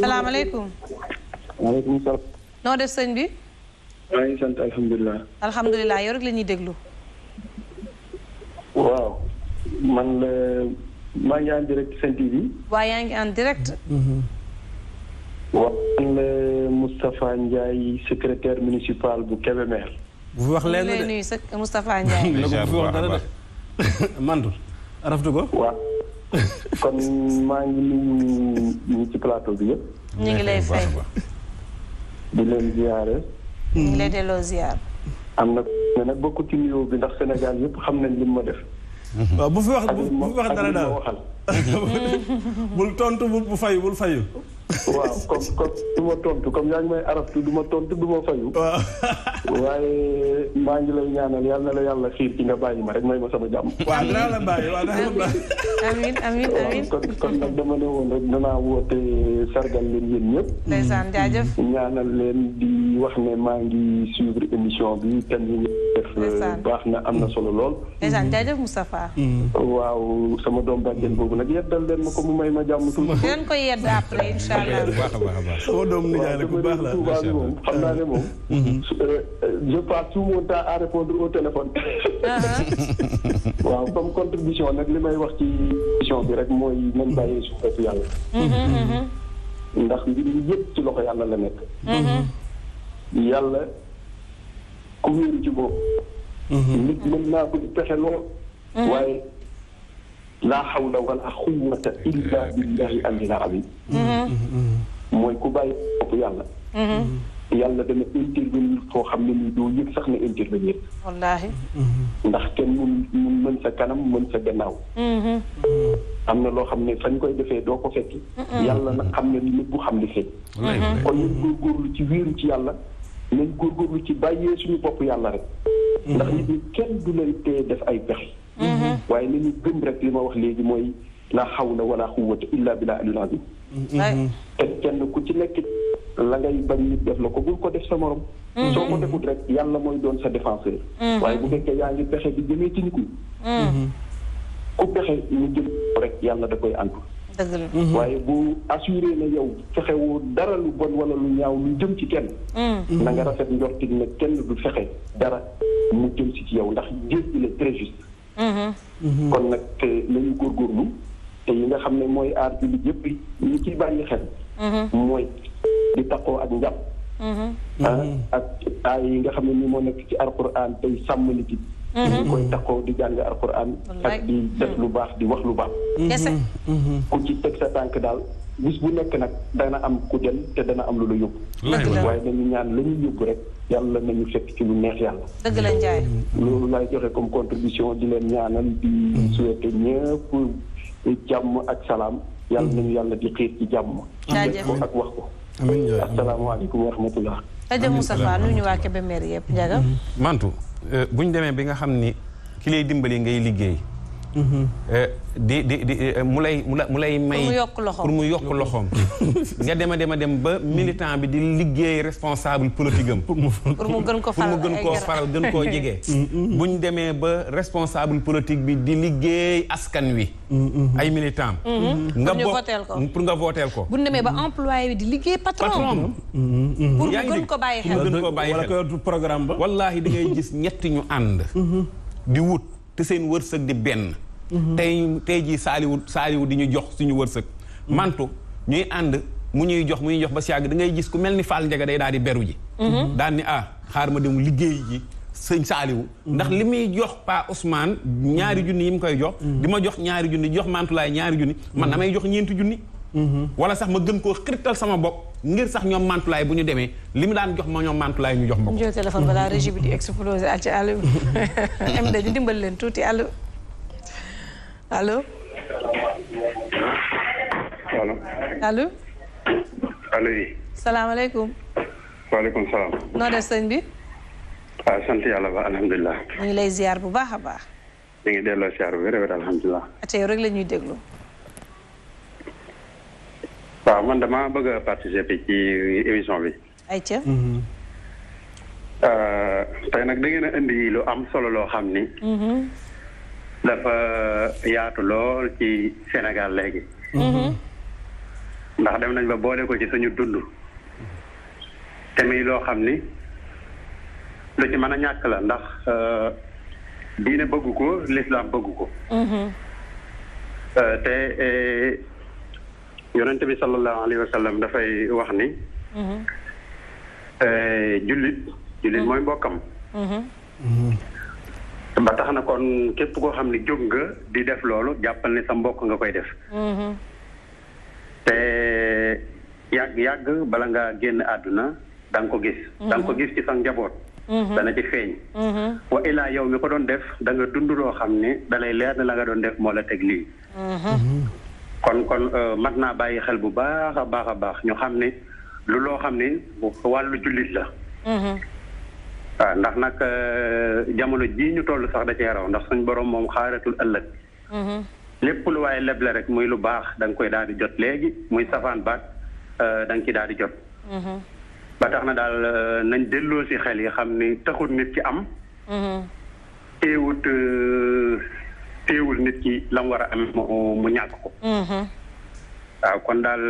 salaamaaleykum. maaleykum salaam. noo def sëñ bi.
maa ngi sant alhamdulilah.
alhamdulilah yow rek la déglu.
waaw man eh, maa ngi en direct Sen TV.
waaw yaa ngi en direct.
Mm-hmm. waxal Moustapha Ndiaye secrétaire municipal bu Kébémer. bu wax leen de
nuyu Moustapha Ndiaye. déjà bu wax dara de
Mandu raftu ko. waaw kon maa ngi nuyu ñi ci plateau bi yëpp.
ñu ngi lay fay.
di leen ziare.
ñu ngi lay delloo ziar.
am na ne nag bokku ci nuyoo bi ndax Sénégal yëpp xam nañ lim ma def. waaw bu fi wax bu fi wax dara daal bul tontu bul bu fayu bul fayu. waaw comme comme du ma tontu comme yaa ngi may araftu du ma tontu du ma fayu. waaye maa ngi lay ñaanal yàlla na la yàlla xiir ci nga bàyyi ma rek may ma sama jàmm. waaw dinaa la bàyyi waaw nag dama ne woon rek danaa woote sargal leen yéen ñëpp. ndeysaan jaajëf. ñaanal leen di wax ne maa ngi suivre émission bi thème euh, baax na am na solo lool. ndeysaan jaajëf waaw sama doom bàjjen boobu nag yeddal leen ma ko mu may ma jàmm tuuti. ngeen accompagné bu baax a baax a baax. sama doomu nijaay la ku baax la macha allah xam naa ne moom. Mm-hmm. Euh, je passe tout mon à répondre au téléphone. waaw comme contribution nag li may wax ci émission bi rek mooy nañ bàyyee suñu bopp yàlla. Mm-hmm, mm-hmm. ndax mbir yëpp ci loxo yàlla la nekk. yàlla ku wéeru ci nit mën naa ko pexe lool waaye. laa xawla wala xuwata illa billahi alil azim
mm-hmm.
mooy ku bàyyi bopp yàlla mm-hmm. yàlla dana intervenir koo xam ne nii doo yëg sax na intervenir wallaahi mm-hmm. ndax kenn mun mun mën sa kanam mën sa gannaaw am na loo xam ne fañ koy defee doo ko fekki yàlla na xam ne lépp bu xam li feeñ kon nañ góorgóorlu ci wéeru ci yàlla nañ góorgóorlu ci bàyyee suñu bopp yàlla rek ndax nit ñi kenn du lay tee def ay pexe Mm-hmm. waaye li ñu gëm rek li ma wax léegi mooy la hawla wala quwwata illa billah aliyul azim mm-hmm. te kenn ku ci nekk la ngay bañ def la ko bul ko def sa morom mm-hmm. soo ko defut rek yàlla mooy doon sa défenseur waaye bu fekkee yaa ngi pexe bi jëmee ci nit ñi ku pexe ñu jëm rek yàlla da koy antu waaye bu assuré na yow fexe wu dara lu bon wala lu ñaaw lu jëm ci kenn na rafet njortig ne kenn du fexe dara mu jëm ci ci yow ndax jéeg bi la très juste Mm-hmm. kon nag euh, nañu góor góorgóorlu te yi nga xam ne mooy aar jullit yëpp ñu ciy bàyyi xel. Mm-hmm. mooy di taqoo ak njàpp. Mm-hmm. Ah, ak aay yi nga xam ne ni moo nekk ci alquran tey sàmm nit yi. ñu koy taqoo di jàng alquran. ak di def lu baax di wax lu baax. ku ci teg sa tànk daal. bis bu nekk nag dana am ku dem te dana am lu la yóbbu. waaye dañu ñaan la ñuy yóbbu rek yàlla nañu fekk ci lu neex yàlla. dëgg la Ndiaye. loolu laay joxe comme contribution di leen ñaanal di mm. souhaiter ñëpp jàmm ak salaam. yàlla mm. nañu yàlla di xiir ci jàmm. jaajëf ko ak wax ko. amiin Ndiaye asalaamaaleykum wa rahmatulah.
rajo Moustapha nuyu ñu
waa Kébémer yëpp Ndiaga. Mm-hmm.
Mantu euh, bu ñu demee bi nga xam ni ki lay dimbali ngay liggéey.
Euh,
di di di euh, mu lay mu lay may pour mu yokk loxoom nga dem a dem a dem ba militant bi di liggéey responsable politique am pour mu gën ko faral gën koo jege mm, mm. buñ demee ba responsable politique bi di liggéey askan wi mm, ay militant mm-hmm. nga ko pour nga vooteel ko
buñ demee ba employé bi di liggéey patron pour
mu gën ko bàyyi xel gën programme ba wallaahi da ngay gis ñetti ñu ànd mm-hmm. di wut te seen wërsëg di benn tey tey jii saaliwu saaliwu di ñu jox suñu wërsëg. mantu ñuy ànd mu ñuy jox mu ñuy jox ba si yàgg da ngay gis ku mel ni Fall Ndiaga day daal di beru ji. daal ni ah xaar ma dem liggéey ji sëñ saaliwu ndax li muy jox Pa Ousmane ñaari junni yi mu koy jox. di ma jox ñaari junni jox mantulaay ñaari junni. man damay jox ñeenti junni. wala sax ma gën koo xirital sama bopp ngir sax ñoom mantulaay bu ñu demee li mu daan jox ma ñoom mantulaay ñu jox ma ko.
ñu jël téléphone balaa leen tuuti àll. alo allo. allo. yi yi. salaamaaleykum. waaleykum salaam. noo def sëñ bi.
waaw ah, sant yàlla ba alhamdulilah.
mu ngi lay ziar bu baax a baax.
ñu ngi delloo ziar bu wér-wér alhamdulilah.
tey rek lañuy déglu.
waaw man dama bëgg a participer ci émission bi.
ayca. Mm-hmm.
Euh, tey nag da ngeen a indi lu am solo loo xam ni.
Mm-hmm.
dafa yaatu lool ci senegal léegi. Mhm. ndax dem nañ ba boole ko ci suñu dund. te muy loo xam ni lu ci mën a ñàkk la ndax euh, diine bëgg ko lislaam bëgg ko. Mhm. Euh, te e, yonent bi sallallahu alayhi dafay wax ni. Mhm. Euh, jullit jullit mooy mbokkam. ba tax na kon képp koo xam ne jóg nga di def loolu jàppal ne sa mbokk nga koy def. Mm-hmm. te yàgg yàgg bala nga génn àdduna danga ko gis. da ko mm-hmm. gis ci sa njaboot. Mm-hmm. dana ci feeñ. wa ilaa yow mi ko doon def danga dund loo xam ne dalay leer na la nga doon def moo la teg lii. kon kon euh, mat naa bàyyi xel bu baax a baax a baax ñu xam ne lu loo xam ne wàllu jullit la. waaw ah, ndax nag euh, jamono jii ñu toll sax da cee raw ndax suñ borom moom xaaratul ëllëg. Mm-hmm. lépp lu waaye leble rek muy lu baax da koy daal di jot léegi muy safaan baat euh, da nga ci daal di jot. Mm-hmm. ba tax na daal euh, nañ delloo si xel yi xam ni taxul nit ki am. Mm-hmm. teewut teewul nit ki lam war a am mu ñàkk ko. waaw kon daal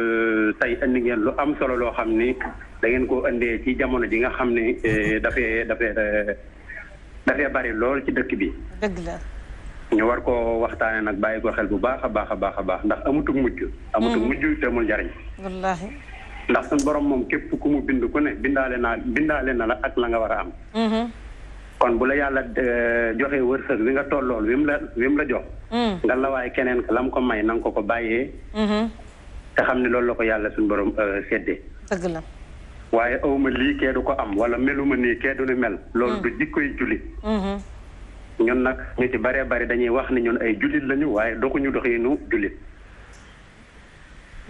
tey indi ngeen lu am solo loo xam ni. dangeen koo indee ci jamono ji nga xam ne eh, mhm. dafee dafee dafee bari lool ci dëkk bi. dëgg ñu war ko waxtaanee nag bàyyi ko xel bu baax a baax a baax a baax ndax amutuk mujj. amutuk mhm. mujj te mu njariñ. wallaahi. ndax suñu borom moom képp ku mu bind ku ne bindaale naa bindaale na la ak la nga war a am. Mhm. kon bu la yàlla eh, joxe wërsëg bi nga tollool wi mu la wi la jox. nga la waaye keneen ka la ko may nang ko ko bàyyee. te xam ne loolu la ko yàlla suñu borom eh, séddee. dëgg la. waaye awma lii kee du ko am wala meluma nii kee du ni mel loolu du mm. jikkoy jullit mm-hmm. ñun nag ñu ci baree bari dañuy wax ni ñun ay jullit lañu waaye doxuñu doxinu jullit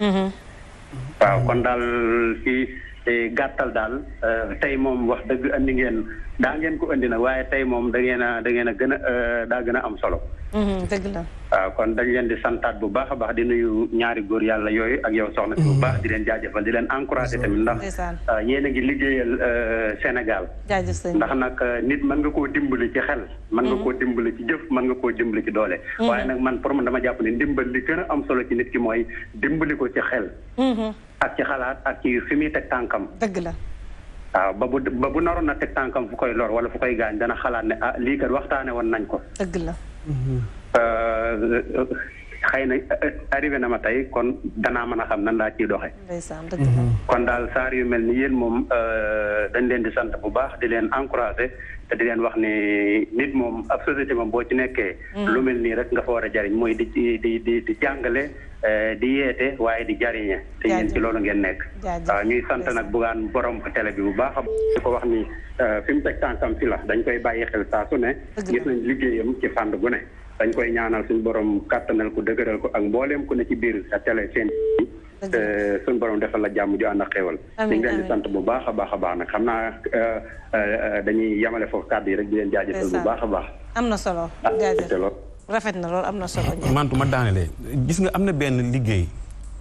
mm-hmm. waaw kon daal fii ci gàttal daal euh, tey moom wax dëgg andi ngeen daa ngeen ko indi nag waaye tey moom da ngeen a da ngeen a gën a euh, daa gën a am solo.
Mm-hmm, dëgg la.
waaw kon dañ leen di santaat bu baax a baax di nuyu ñaari góor yàlla yooyu ak yow soxna si bu mm-hmm. baax di leen jaajëfal di leen encouragé tamit ndax euh, yéen a ngi liggéeyal Sénégal ndax nag nit mën nga koo dimbali ci xel mën nga mm-hmm. koo dimbali ci jëf mën nga koo dimbali ci doole waaye nag man pour man dama jàpp ne ndimbal li gën a am solo ci nit ki mooy dimbali ko ci xel ak ci xalaat ak ci fi muy teg tànkam. dëgg la. waaw ba bu ba bu naroon na teg tànkam fu koy lor wala fu koy gaañ dana xalaat ne ah lii waxtaane woon nañ ko. dëgg la. Mhm. Euh, xëy na euh, arrivé na ma tey kon danaa mën a xam nan laa ciy doxe mhm. kon daal saar yu mel ni yéen moom euh, dañ leen di sant bu baax di leen encouragé. te di leen wax ni nit moom ab société moom boo ci nekkee. Mm. lu mel nii rek nga fa war a jariñ mooy di di di di jàngale eh, di yeete waaye di jariñe te yéen ci loolu ngeen nekk. waaw ñuy sant nag bugaan borom télé bi bu baax a di ko wax ni eh, fi mu teg tànkam fi la dañ koy bàyyi xel saa su ne. gis nañ liggéeyam ci fànn bu ne. dañ koy ñaanal suñu borom kàttanal ko dëgëral ko ak mbooleem ku ne ci biir sa télé seen. Euh, suñu borom defal la jàmm ju ànd ak sant bu baax a baax a baax nag xam naa euh, euh, dañuy yemale foofu kàddu yi rek di leen jaajëfal bu baax a baax am na solo ah, jaajëfal
rafet
na lool am na solo mantu
ma daanele gis nga am na benn liggéey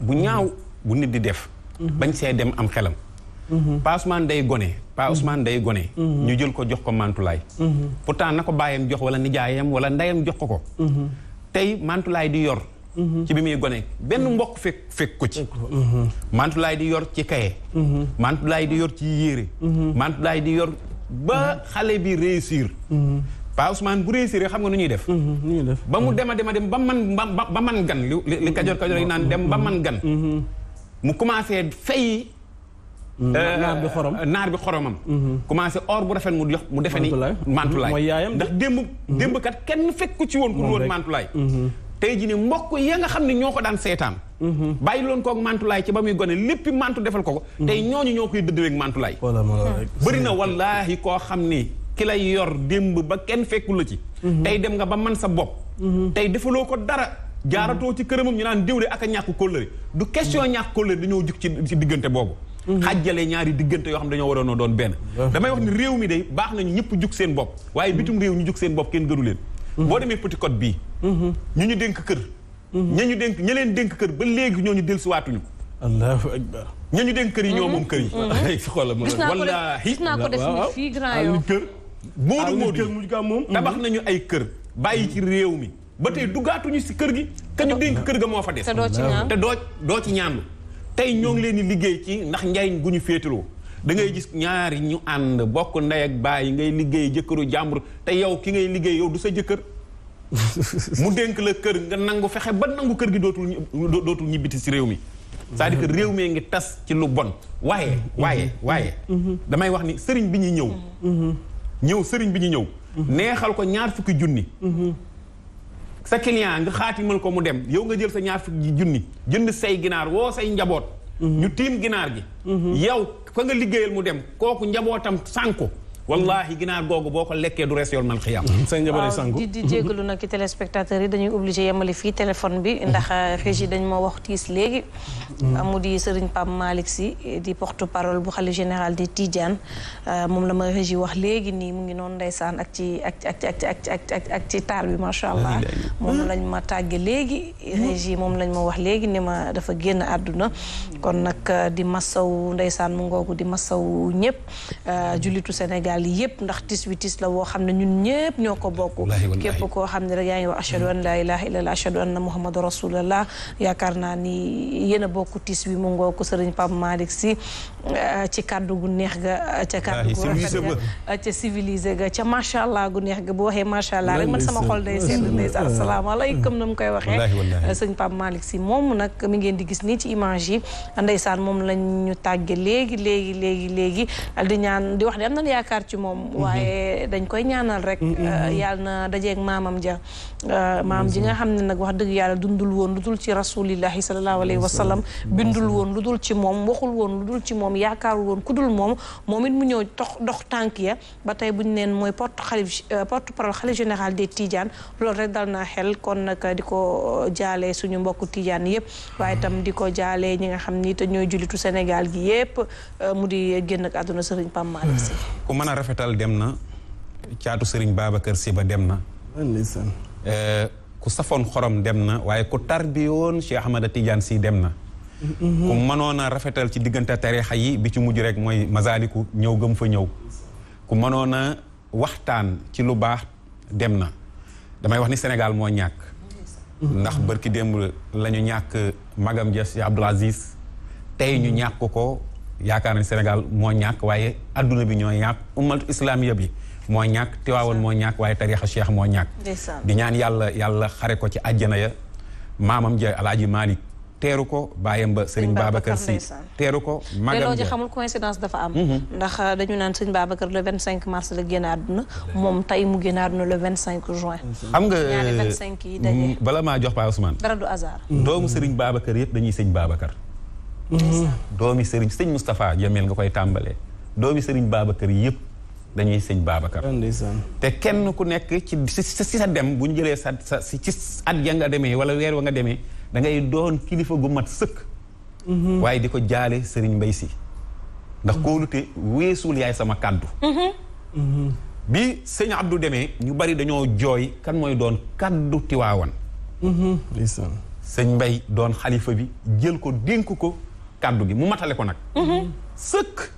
bu mhm. ñaaw bu nit di def mhm. bañ see dem am xelam mhm. Pa Ousmane day gone Pa Ousmane day gone ñu jël ko jox ko mantulaay pourtant na ko bàyyam jox wala nijaayam wala ndeyam jox ko ko tey mantulaay di yor Mm-hmm. ci bi muy gone benn mm-hmm. mbokk fekk fekk ko ci mm-hmm. mantulaay di yor ci kaye mantulaay di yor ci yére mantulaay di yor ba xale bi réussir Pa Ousmane bu réussir xam nga nu ñuy def ba mu dem a dem a dem ba man ba man gan li li kajoor kajoor yi naan dem ba man gan mu commencé fay euh, naar bi xorom euh, naar bi xoromam commencé or bu rafet mu jox mu defe ni mantulaay ndax démb démb kat kenn fekk ko ci woon ku woon mantulaay tey jii nii mbokk ya nga xam ne ñoo ko daan seetaan mhm. bàyyi loon kook mantulaay ci ba muy gone léppi mantu defal ko ko mhm. tey ñooñu ñoo koy dëdd rek mantulaay bëri na wallaahi koo xam ni ki yor démb ba kenn fekkul la ci mhm. tey dem nga ba man sa bopp tey defaloo ko dara jaaratoo ci këramam ñu naan diwle ak a ñàkk kóllëre du question ñàkk kóllëre dañoo jug ci ci diggante boobu xàjjale ñaari diggante yoo xam dañoo waroonoo doon benn damay wax ni réew mi de baax nañu ñëpp jug seen bopp waaye bitum réew ñu jug seen bopp kenn gënu leen boo demee petit code bii mm-hmm. ñu ñu dénk kër mm-hmm. ña ñu dénk ña leen dénk kër ba léegi ñooñu dellusiwaatuñu allahu akbar ña ñu dénk kër yi ñoo mm-hmm. moom kër yi xoolal
ma wallaahi gis naa
ko def ni fii grand
yow kër moodu moodu mu ka moom tabax nañu ay kër bàyyi ci réew mi ba tey duggaatuñu si kër gi ka ñu dénk kër ga moo fa des te doo doo ci ñaanlu tey ñoo ngi leen di liggéey ci ndax njaay gu ñu féetaloo da ngay gis ñaari ñu ànd bokk ndey ak baay ngay liggéey jëkkëru jàmbur te yow ki ngay liggéey yow du sa jëkkër mu denk la kër nga nangu fexe ba nangu kër gi dootul dootul ñibbiti si réew mi c'est-à-dire réew mi ngi tas ci lu bon waaye waaye waaye damay wax ni sëriñ bi ñu ñëw ñëw sëriñ bi ñu ñëw neexal ko ñaar fukki junni sa client nga xaatimal ko mu dem yow nga jël sa ñaar fukki junni jënd say ginaar woo say njaboot ñu tiim ginaar gi mm-hmm. yow fa nga liggéeyal mu dem kooku njabootam sànko wallahi ginaar googu boo ko lekkee du rees yoon mal xiyaam mm-hmm. sëñ Ndiabare Sango di di jégalu
nag ci téléspectateurs yi dañuy obligé yemale fii téléphone bi ndax euh, mm-hmm. régie dañ ma wax tiis léegi mm-hmm. mu di sëriñ Pape Malick Sy di porte parole bu xalif général di Tidiane euh, moom la ma régie wax léegi nii mu ngi noonu ndeysaan ak ci ak ak ak ak ci ak ci taal bi macha allah moom ah. lañ ma tàgge léegi régie moom lañ ma wax léegi ni ma dafa génn àdduna kon nag euh, di masaw ndeysaan mu ngoogu di masaw ñëpp jullitu Sénégal Sénégal yëpp ndax tis wi tis la woo xam ne ñun ñëpp ñoo ko bokk képp koo xam ne rek yaa ngi wax ashadu an laa ilaha illallah ashadu anna muhammadu rasulullah yaakaar naa ni yéen a bokk tis wi mu ngoo ko sëriñ Pape Malick si Euh, ci kaddu gu neex ga euh, ca kàddu gu rafet ga euh, ca civilisé ga ca macha allah gu neex ga bu waxee macha allah rek man sama xol day a ne asalaamaaleykum na mu koy waxee sëñ Pape Malick si moom nag mi ngeen di gis nii ci image yi saan moom lañ ñu tàgge léegi léegi léegi léegi di ñaan di wax ne am nañ yaakaar ci moom mhm. waaye dañ koy ñaanal rek mhm, mhm, yal na dajeeg maamam ja maam ji nga xam ne nag wax dëgg yàlla dundul woon lu dul ci rasulillahi sallallahu alayhi wa sallam bindul woon lu dul moom yaakaarul woon ku dul moom moom it mu ñëw dox dox tànk ya ba tey bu ñu neen mooy porte xalif euh, porte parole xalif général des Tidiane loolu rek dal naa xel kon nag di ko jaale suñu mbokku tiijaan yëpp waaye itam di ko jaale ñi nga xam ni te ñooy jullitu Sénégal gi yëpp euh, mu di génn ak àdduna sëriñ Pam Malick si
ku mën a rafetal dem na caatu sëriñ kër si ba dem na euh, ku safoon xorom dem na waaye ku tarbiyoon Cheikh Ahmada Tidiane si dem na
Mm-hmm. ku mënoon
a rafetal ci diggante tarixa yi bi ci mujj rek mooy masaaliku ñëw gëm fa ñëw ku mënoon a waxtaan ci lu baax dem na damay wax ni Sénégal moo ñàkk
mm-hmm.
ndax bërki démb la ñàkk magam ja si Abdoul Aziz tey ñu ñàkk ko yaakaar ni senegal moo ñàkk waaye adduna bi ñoo ñàkk ummatu islamiya bi moo ñàkk tiwaawoon moo ñàkk waaye tarixa cheikh moo ñàkk di ñaan yàlla xare ko ci àjjana ya maamam ja alaaji Malick teeru ko bàyyam ba sëriñ Babacar si teeru ko magam ji
xamul coïncidence dafa am mhm. ndax euh, dañu naan sëriñ Babacar le vingt cinq mars la génn àdduna moom tey mu génn àdduna le vingt cinq juin nga ñaari cinq yi daje
mm, bala maa jox Paa Ousmane
dara du hasard mm. doomu
sëriñ Babacar yëpp dañuy sëñ Babacar doomi sëriñ sëñ Moustapha Jamel nga koy tàmbalee doomi sëriñ Babacar yëpp dañuy sëñ Babacar te kenn ku nekk ci si sa dem bu ñu jëlee sa sa ci at ya nga demee wala weer wa nga demee da ngay doon kilifa gu mat sëkk. Mhm. waaye di ko jaale Serigne mbay si. ndax kóolute weesuul yaay sama kàddu. Mhm. Mhm. bi sëñ Abdou demee ñu bari dañoo jooy kan mooy doon kàddu Tiwaawan. sëñ mbay doon xalifa bi jël ko dénk ko kàddu gi mu matale ko nag.
sëkk.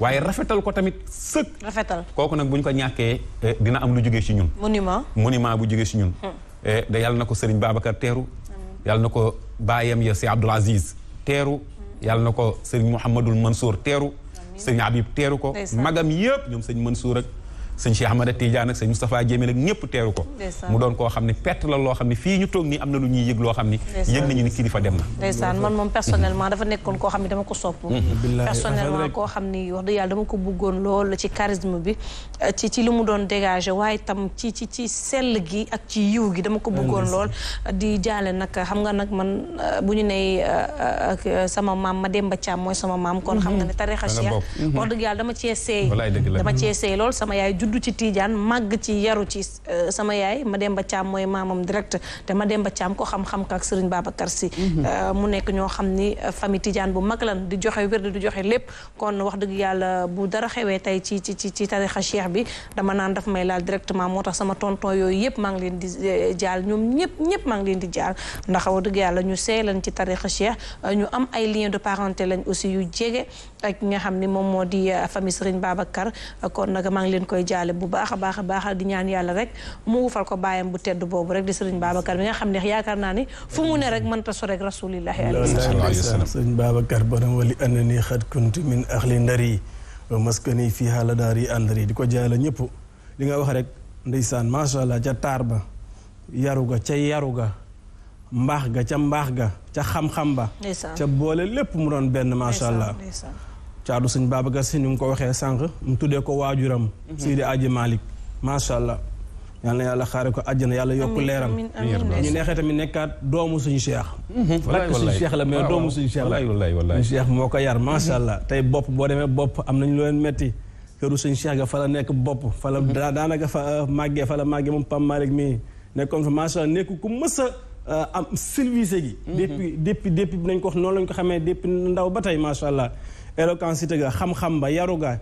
waaye rafetal
ko tamit sëkk. rafetal kooku nag bu ñu ko ñàkkee eh, dina am lu jógee ci ñun. monument monument bu jógee ci ñun. Hmm. Eh, da yàlla na ko sëriñ Babacar teeru. yàlla na ko baayam ya si Abdoul Aziz teeru yàlla na ko sëriñ Mouhamadul Mansour teeru sëriñ Habib teeru ko magam yëpp ñoom sëñ Mansour ak sëñ Cheikh Ahmada Tidiane ak sëñ Moustapha Jéemé ak ñëpp teeru ko mu doon koo xam ne perte loo xam ne fii ñu toog nii am na lu ñuy yëg loo xam ne yëg nañu ni kilifa dem na ndeysaan man moom
personnellement dafa nekkoon koo xam ne dama ko sopp tam ci ci ci gi ak ci yiw gi dama ko mm-hmm. bëggoon lool di jaale nag xam nga nag man uh, bu ñu nee uh, uh, sama maam ma ba Thiam mooy sama maam kon xam nga mm-hmm. ne tarixa Cheikh mm-hmm. wax dëgg yàlla dama cee seey lool sama yaay juddu ci Tidiane ci yaru ci euh, sama yaay Mademba Thiam mooy maamam direct te Mademba Thiam ko xam-xam ak Serigne Babacar Sy mhm. euh, mu nekk ñoo xam ni euh, famille Tidiane bu mag lan di joxe wérdi di joxe lépp kon wax dëgg yàlla bu dara xewee tey ci ci ci ci tarixa cheikh bi dama naan daf may laal directement moo tax sama tonton yooyu yëpp maa ngi leen di jaal ñoom ñëpp ñëpp maa ngi leen di jaal ndax wax dëgg yàlla ñu seey lan ci tarixa cheikh ñu am ay lien de parenté lañ aussi yu jege ak nga xam ni moom moo di fami Serigne Babacar kon nag maa leen koy jaale bu baax a baax a baax di ñaan yàlla rek mu wufal ko bàyyam bu tedd boobu rek di sëriñ Babacar bi nga xam ne yaakaar naa ni fu mu ne rek mënta so rek rasulillahi alayhi wasallam
sëriñ Babacar banam wali annani xad kuntu min ahli ndari wa maskani fii haala daari andari di ko jaale ñëpp li nga wax rek ndeysaan macha allah ca taar ba yaru ga ca yaru ga mbaax ga ca mbaax ga ca xam-xam ba ca boole lépp mu doon benn macha allah caatu suñ Babacar si ni mu ko waxee sànq mu tuddee ko waajuram mhm. Seydi Aji Malick macha allah yal na yàlla xaare ko àjjana yàlla yokk leeram ñu neexee tamit nekkaat doomu suñu cheikh
mhm. rakk suñu cheikh la mais doomu suñu cheikh la suñu cheikh
moo ko yar mhm. macha allah tey bopp boo demee bopp am nañu leen metti këru suñ cheikh ga fa la nekk bopp fa la daanaka fa euh, màggee fa la màggee moom Pam Malick mii nekkoon fa macha allah nekk ku mës a euh, am service gi depuis depuis depuis nañ ko wax lañ ko xamee depuis ndaw ba tey macha allah éloquence ga xam-xam ba yaru ga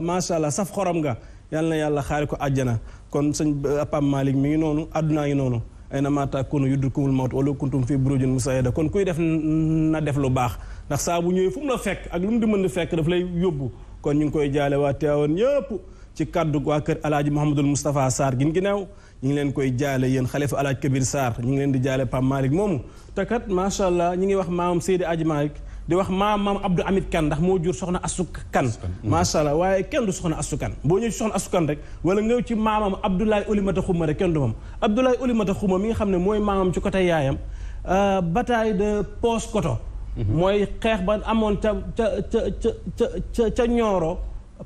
macha allah saf xorom nga yal na yàlla xaari ko àjjana kon sëñ euh, Pape Malick mi ngi noonu àddunaa yi noonu ay na maataakunu yuddukumul mawt wala kuntum fii burujin musayada kon kuy def na def lu baax ndax bu ñëwee fu mu la fekk ak lu mu mën di fekk daf lay yóbbu kon ñu ngi koy jaale waa Tiwaawan yëpp ci kaddu waa kër alaaji Mouhamadul Moustapha Sarr gin ginnaaw ñu ngi leen koy jaale yéen xalifa alaaj Kabir Sarr ñu ngi leen di jaale Pape Malick moomu te kat macha allah ñu ngi wax maamam Seydi Aji Malick di wax maam maam Abdou Amit Kan ndax moo jur soxna Asu Kan macha allah waaye kenn du soxna Asu Kan boo ñëw ci soxna Asu Kan rek wala nga ci maamam Abdoulaye Olimata Xuma rek kenn du moom Abdoulaye Olimata Xuma mi nga xam ne mooy maamam ci côté yaayam euh, bataille de Poos Koto mhm. mooy xeex ba amoon ca ca ca ca ca ca ñooro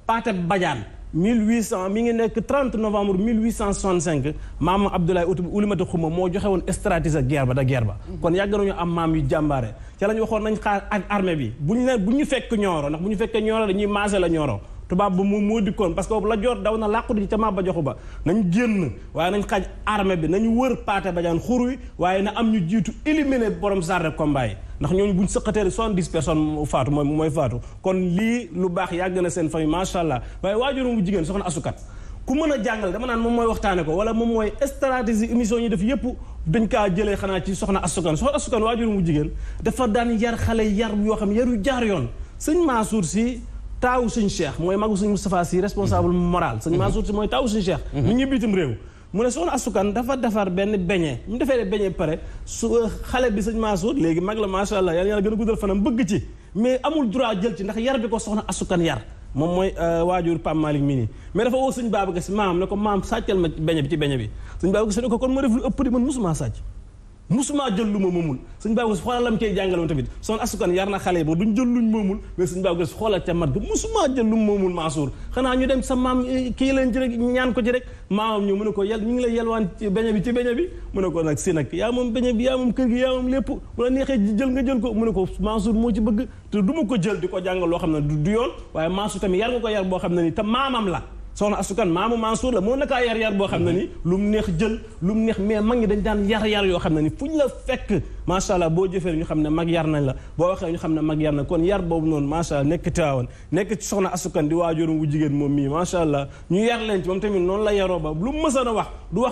paate bajaan 1800 mi ngi nekk 30 novembre 1865 maam Abdoulaye Oulimata Khouma moo joxe woon stratégie ak guerre ba da guerre kon yàgg nañu am maam yu jàmbaare. ca la ñu waxoon nañ xaar ak armée bi bu bu ñu fekk ñooro ndax bu ñu fekkee ñooro dañuy maase la ñooro. tubaab ba mu moo dikkoon parce que boobu la joor daw na làqutu ci ca Maba Jaxu Ba nañ génn waaye nañ xaj armée bi nañu wër paate bajaan xur wi waaye na am ñu jiitu éliminer borom sarre combat yi ndax ñooñu buñ sëqatee soixante-dix personnes faatu mooy mooy faatu kon lii lu baax yàgg na seen famille macha allah waaye waajuram bu jigéen soxna asukat ku mën a jàngale dama naan moom mooy waxtaane ko wala moom mooy stratégie émission yi def yëpp dañ kaa jëlee xanaa ci soxna asukan soxna asukan waajuram bu jigéen dafa daan yar xale yar yoo xam yaru jaar yoon sëñ Mansour si taawu suñ cheikh mooy magu suñu Moustapha Sy responsable moral suñu mhm. Mansour Sy mooy taawu suñu cheikh mhm. mu ngi bitim réew mu ne soxna asukan dafa defar benn beñe mu defee beñe pare su euh, bi mag la macha allah bëgg ci mais amul droit jël ci ndax yar bi ko soxna asukan yar moom mooy euh, waajur Pape Malick mii nii mais dafa woo sëñ Babacar Sy maam ne ko maam sàccal ma beñe bi ci beñe bi sëñ Babacar Sy ne ko kon ma def ëpp di man mosumaa sàcc musuma jël lu ma moomul suñ baabu gës xoolal lam koy jàngaloon tamit son asukan yar na xale ba duñ jël luñ moomul mais suñ baabu gës xoolal ca mat ba musuma jël lu ma moomul Mansour xanaa ñu dem sa maam eh, kii leen ci rek ñaan ko ci rek maamam ñu mu ne ko yel ñu ngi lay yelwaan beñe bi ci beñe bi mu ne ko nag si nag yaa moom beñe bi yaa moom kër gi yaa moom lépp bu la neexee jël nga jël ko mu ne ko Mansour moo ci bëgg te du ma ko jël di ko jàngal loo xam ne du yoon waaye Mansour tamit yar nga ko yar boo ne ni te la soxna asukan maamu Mansour la moo nakaa yar yar boo xam ne ni lu mu neex jël lu mu neex mais mag ñi dañ daan yar yar yoo xam ne ni fu ñu la fekk macha allah boo jëfee ñu xam ne mag yar na la boo waxee ñu xam ne mag yar na kon yar boobu noonu macha allah nekk Tiwaawan nekk ci soxna asukan di waajurum wu jigéen moom mii macha allah ñu yar leen ci tamit noonu la yaroo lu mu mësa a wax du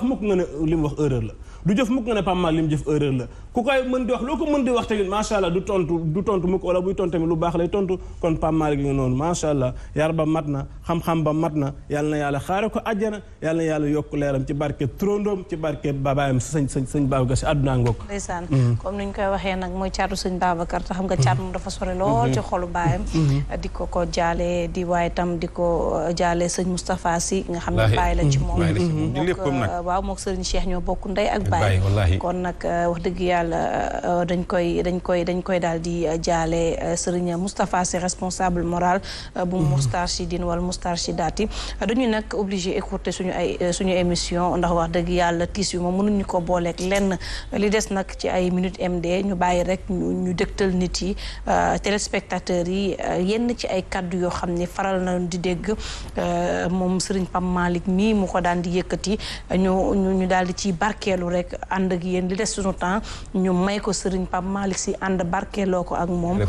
mu wax erreur la du jëf mukk nga ne pam mu jëf erreur la ku wax loo ko mën di wax tamit macha allah du tontu du tontu mukk wala buy baax lay tontu kon pam li nga noonu allah yar ba mat na xam-xam ba mat na yàlla na yàlla xaare ko àjjana yàlla yàlla yokk leeram ci barke trondoom ci barke babaayam sañ sañ sañ baaw ga si àdduna ngoog
comme ni ñu koy waxee nag mooy caatu sëñ Babacar te xam nga caat moom dafa sore lool mhm. ci xolu baayam mhm. di ko ko jaale di waaye tam di ko euh, jaale sëñ Moustapha Sy nga xam ne bàyyi la ci moom euh, waaw mook sëriñ Cheikh ñoo bokk ndey ak baay kon nag euh, wax dëgg yàlla dañ koy dañ koy dañ koy daal di jaale sëriñ Moustapha Sy responsable moral bu mhm. Moustarchidine wala Moustarchidati dañu nag obligé écourter suñu suñu émission ndax wax dëgg yàlla tiis yu moom mënuñu ko booleeg lenn li des nag ci ay minutes 8MD ñu bàyyi rek ñu ñu nit yi euh, téléspectateurs yi euh, yenn ci ay kàddu yoo xam ne faral na di dégg euh, moom sëriñ Pam Malick mii mu ko daan di yëkkati ñu ñu ñu daal di ciy barkeelu rek ànd ak yéen li des suñu temps ñu may ko Serigne Pam Malick si ànd barkeeloo ko ak moom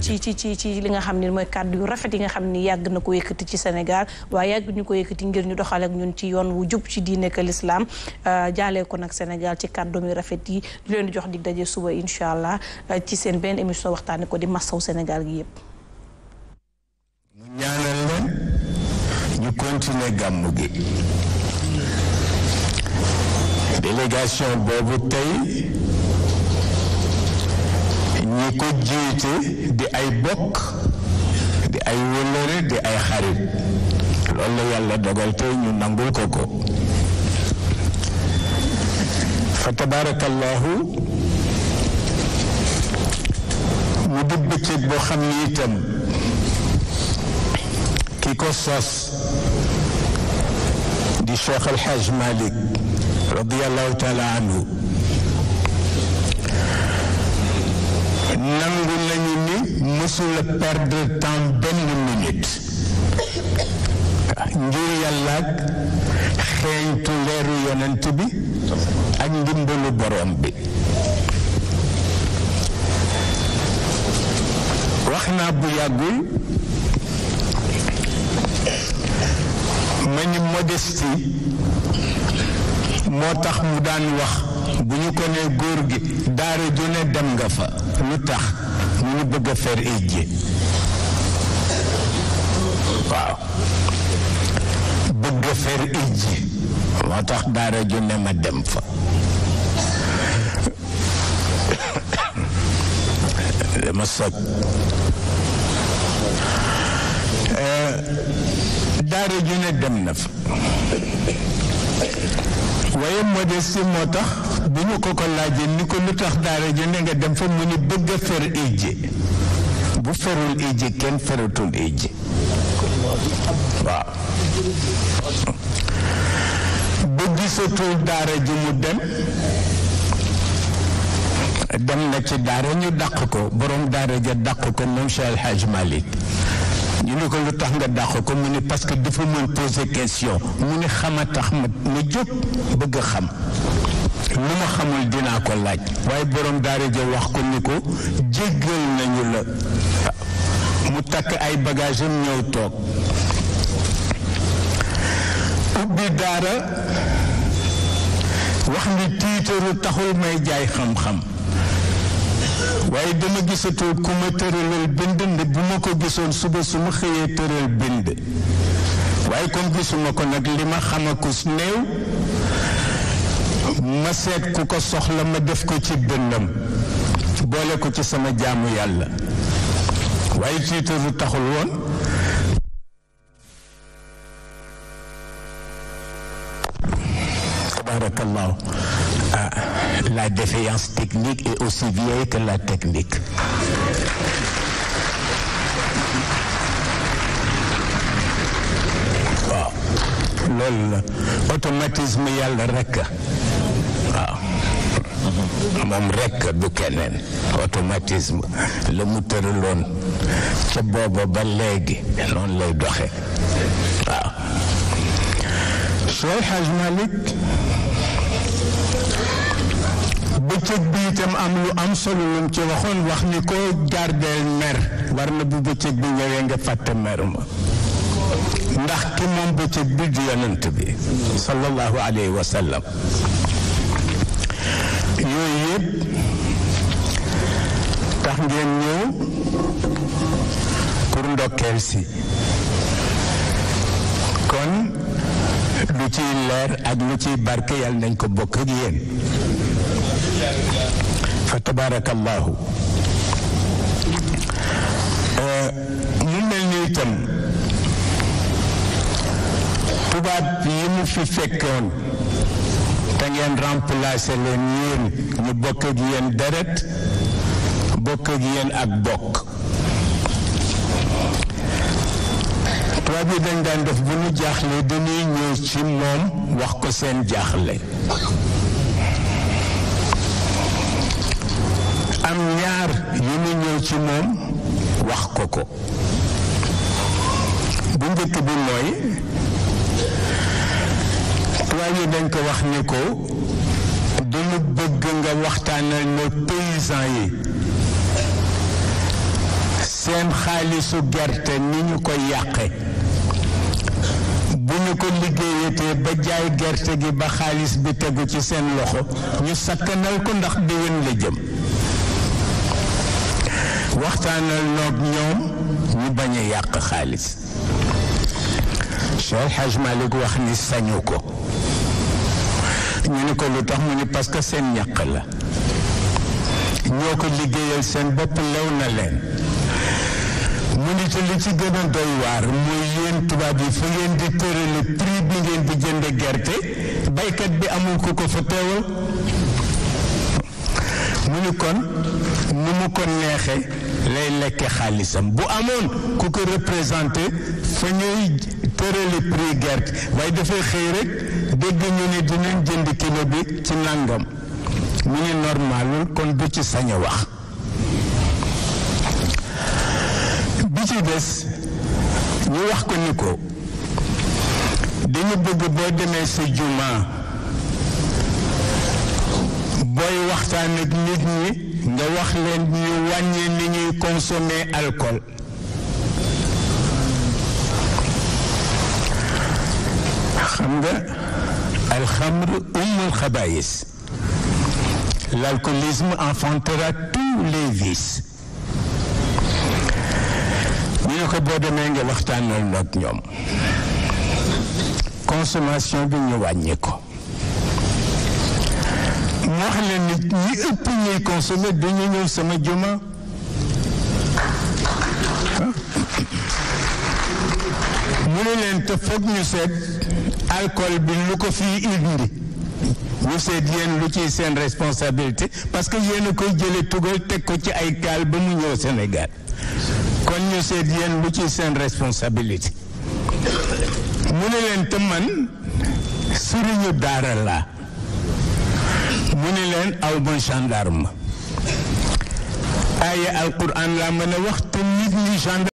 ci ci ci ci li nga xam ne mooy kàddu yu rafet yi nga xam ni yàgg na ko yëkkati ci Sénégal waaye yàgg ñu ko yëkkati ngir ñu doxal ak ñun ci yoon wu jub ci diine ak l'islam jaalee ko nag Sénégal ci kàddu rafet yi suba incha allah euh, ci seen benn émission waxtaanee ko di massaw Sénégal gi yëpp.
mu ñaanal leen ñu continuer gàmmu gi. délégation boobu tey ñi ko jiite di ay bokk di ay wëllëre di ay xarit loolu la yàlla dogal tey ñu nangul ko ko fa tabarakallahu mu di bëccëg boo xam ni itam ki ko sos di Cheikh El Hadj Malick radiallahu taala anhu nangu nañu ni mësul a perdre temps benn minute ngir yàlla ak xeeñtu leeru yonent bi ak ndimbalu borom bi wax naa bu yàggul ma ni modestie moo tax mu daan wax bu ñu ko nee góor gi daara ju ne dem nga fa lu tax mu ñu bëgg a faire ijji waaw bëgg a faire ijji moo tax daara ju ne ma dem fa dama soj daara ju ne dem na fa waaye modestie moo tax bu ñu ko ko laajee ni ko lu tax daara ju ne nga dem fa mu ni bëgg a fer bu ferul ijji kenn feratul ijji bu gisatul daara ji mu dem dem na ci daara ñu dàq ko boroom daara ja dàq ko moom Cheikh El Hadj ñu ne ko lu tax nga dàq ko mu ne parce que dafa mën poser question mu ne a tax ma ma jóg bëgg a xam lu ma xamul dinaa ko laaj waaye borom daara ja wax ko ni ko jéggal nañu la mu takk ay bagage am ñëw toog ubbi daara wax ni tiitaru taxul may jaay xam-xam waaye dama gisatu ku ma tëralal bind nde bu ma ko gisoon suba su ma xëyee tëral bind waaye comme gisuma ko nag li ma xam a kus néew ma seet ku ko soxla ma def ko ci dëndam boole ko ci sama jaamu yàlla waaye tiitaru taxul woon la, la défaillance technique est aussi vieille que la technique. waaw la automatisme yàlla rekk waaw mm-hmm. moom rekk du keneen automatisme la mu tëraloon ca booba ba léegi noonu lay doxe waaw Cheikh Haj Malick bëccëg bi itam am lu am solo lu ci waxoon wax ni ko gardeel mer war na bu bëccëg bi ñëwee nga fàtte mer ma ndax ki moom bëccëg bi du yonent bi sallallahu alayhi wa sallam yooyu tax ngeen ñëw pour ndokkeel si kon lu ciy leer ak lu ciy barke yàlla nañ ko bokk yéen fa tabaarakallaahu mu eh, mel ni itam tubaab yi mu fi fekkoon te ngeen remplacer leen yéen ñu bokk ak yéen deret bokk ak yéen ak bokk tubaab yi dañ daan def bu ñu jaaxle dañuy ñëw ci moom wax ko seen jaaxle ci moom wax ko ko bu njëkk bi mooy tubaab yi dañ ko wax ni ko dañu bëgg nga waxtaanal ma paysan yi seen xaalisu gerte ni ñu ko yàqe bu ñu ko liggéeyatee ba jaay gerte gi ba xaalis bi tegu ci seen loxo ñu sakkanal ko ndax déwén la jëm waxtaanal noog ñoom ñu bañ a yàq xaalis Cheikh Hadj Malick wax ni sañu ko ñu ni ko lu tax mu ni parce que seen ñàq ñoo ko liggéeya seen bopp lew na leen mu ni te li ci gën a doy waar mooy yéen tubaab yi fu ngeen di tërale prix bi ngeen di jënd gerte baykat bi amul ku ko fa teewal mu ni kon nu mu ko neexee lay lekke xaalisam bu amoon ku ko représenté fa ñuy tërali prix gerte waaye dafay xëy rek dégg ñu ni dinañ jënd kilo bi ci nangam mu ni normalul kon du ci sañ wax bi ci des ñu wax ko ni ko dañu bëgg boo demee sa jumaa booy waxtaan ak nit ñi nga wax leen ñu wàññi ni ñuy consommer alcool xam nga alxamr ummul xabaayis l'alcoolisme enfantera tous les vices ñu ne ko boo demee nga waxtaan waxtaanal nag ñoom consommation bi ñu wàññi ko mu wax leen ni ñi ëpp ñuy consommé dañu ñëw sama juma mu ne leen te foog ñu seet alcool bi lu ko fii indi ñu seet yéen lu ciy seen responsabilité parce que yéen a koy jële tugal teg ko ci ay kaal ba mu ñëw Sénégal kon ñu seet yéen lu ciy seen responsabilité mu ne leen te man sëriñu daara laa mu ne leen aw bon gendarme aaya alquran laa mën a wax te
nit ñi gendarme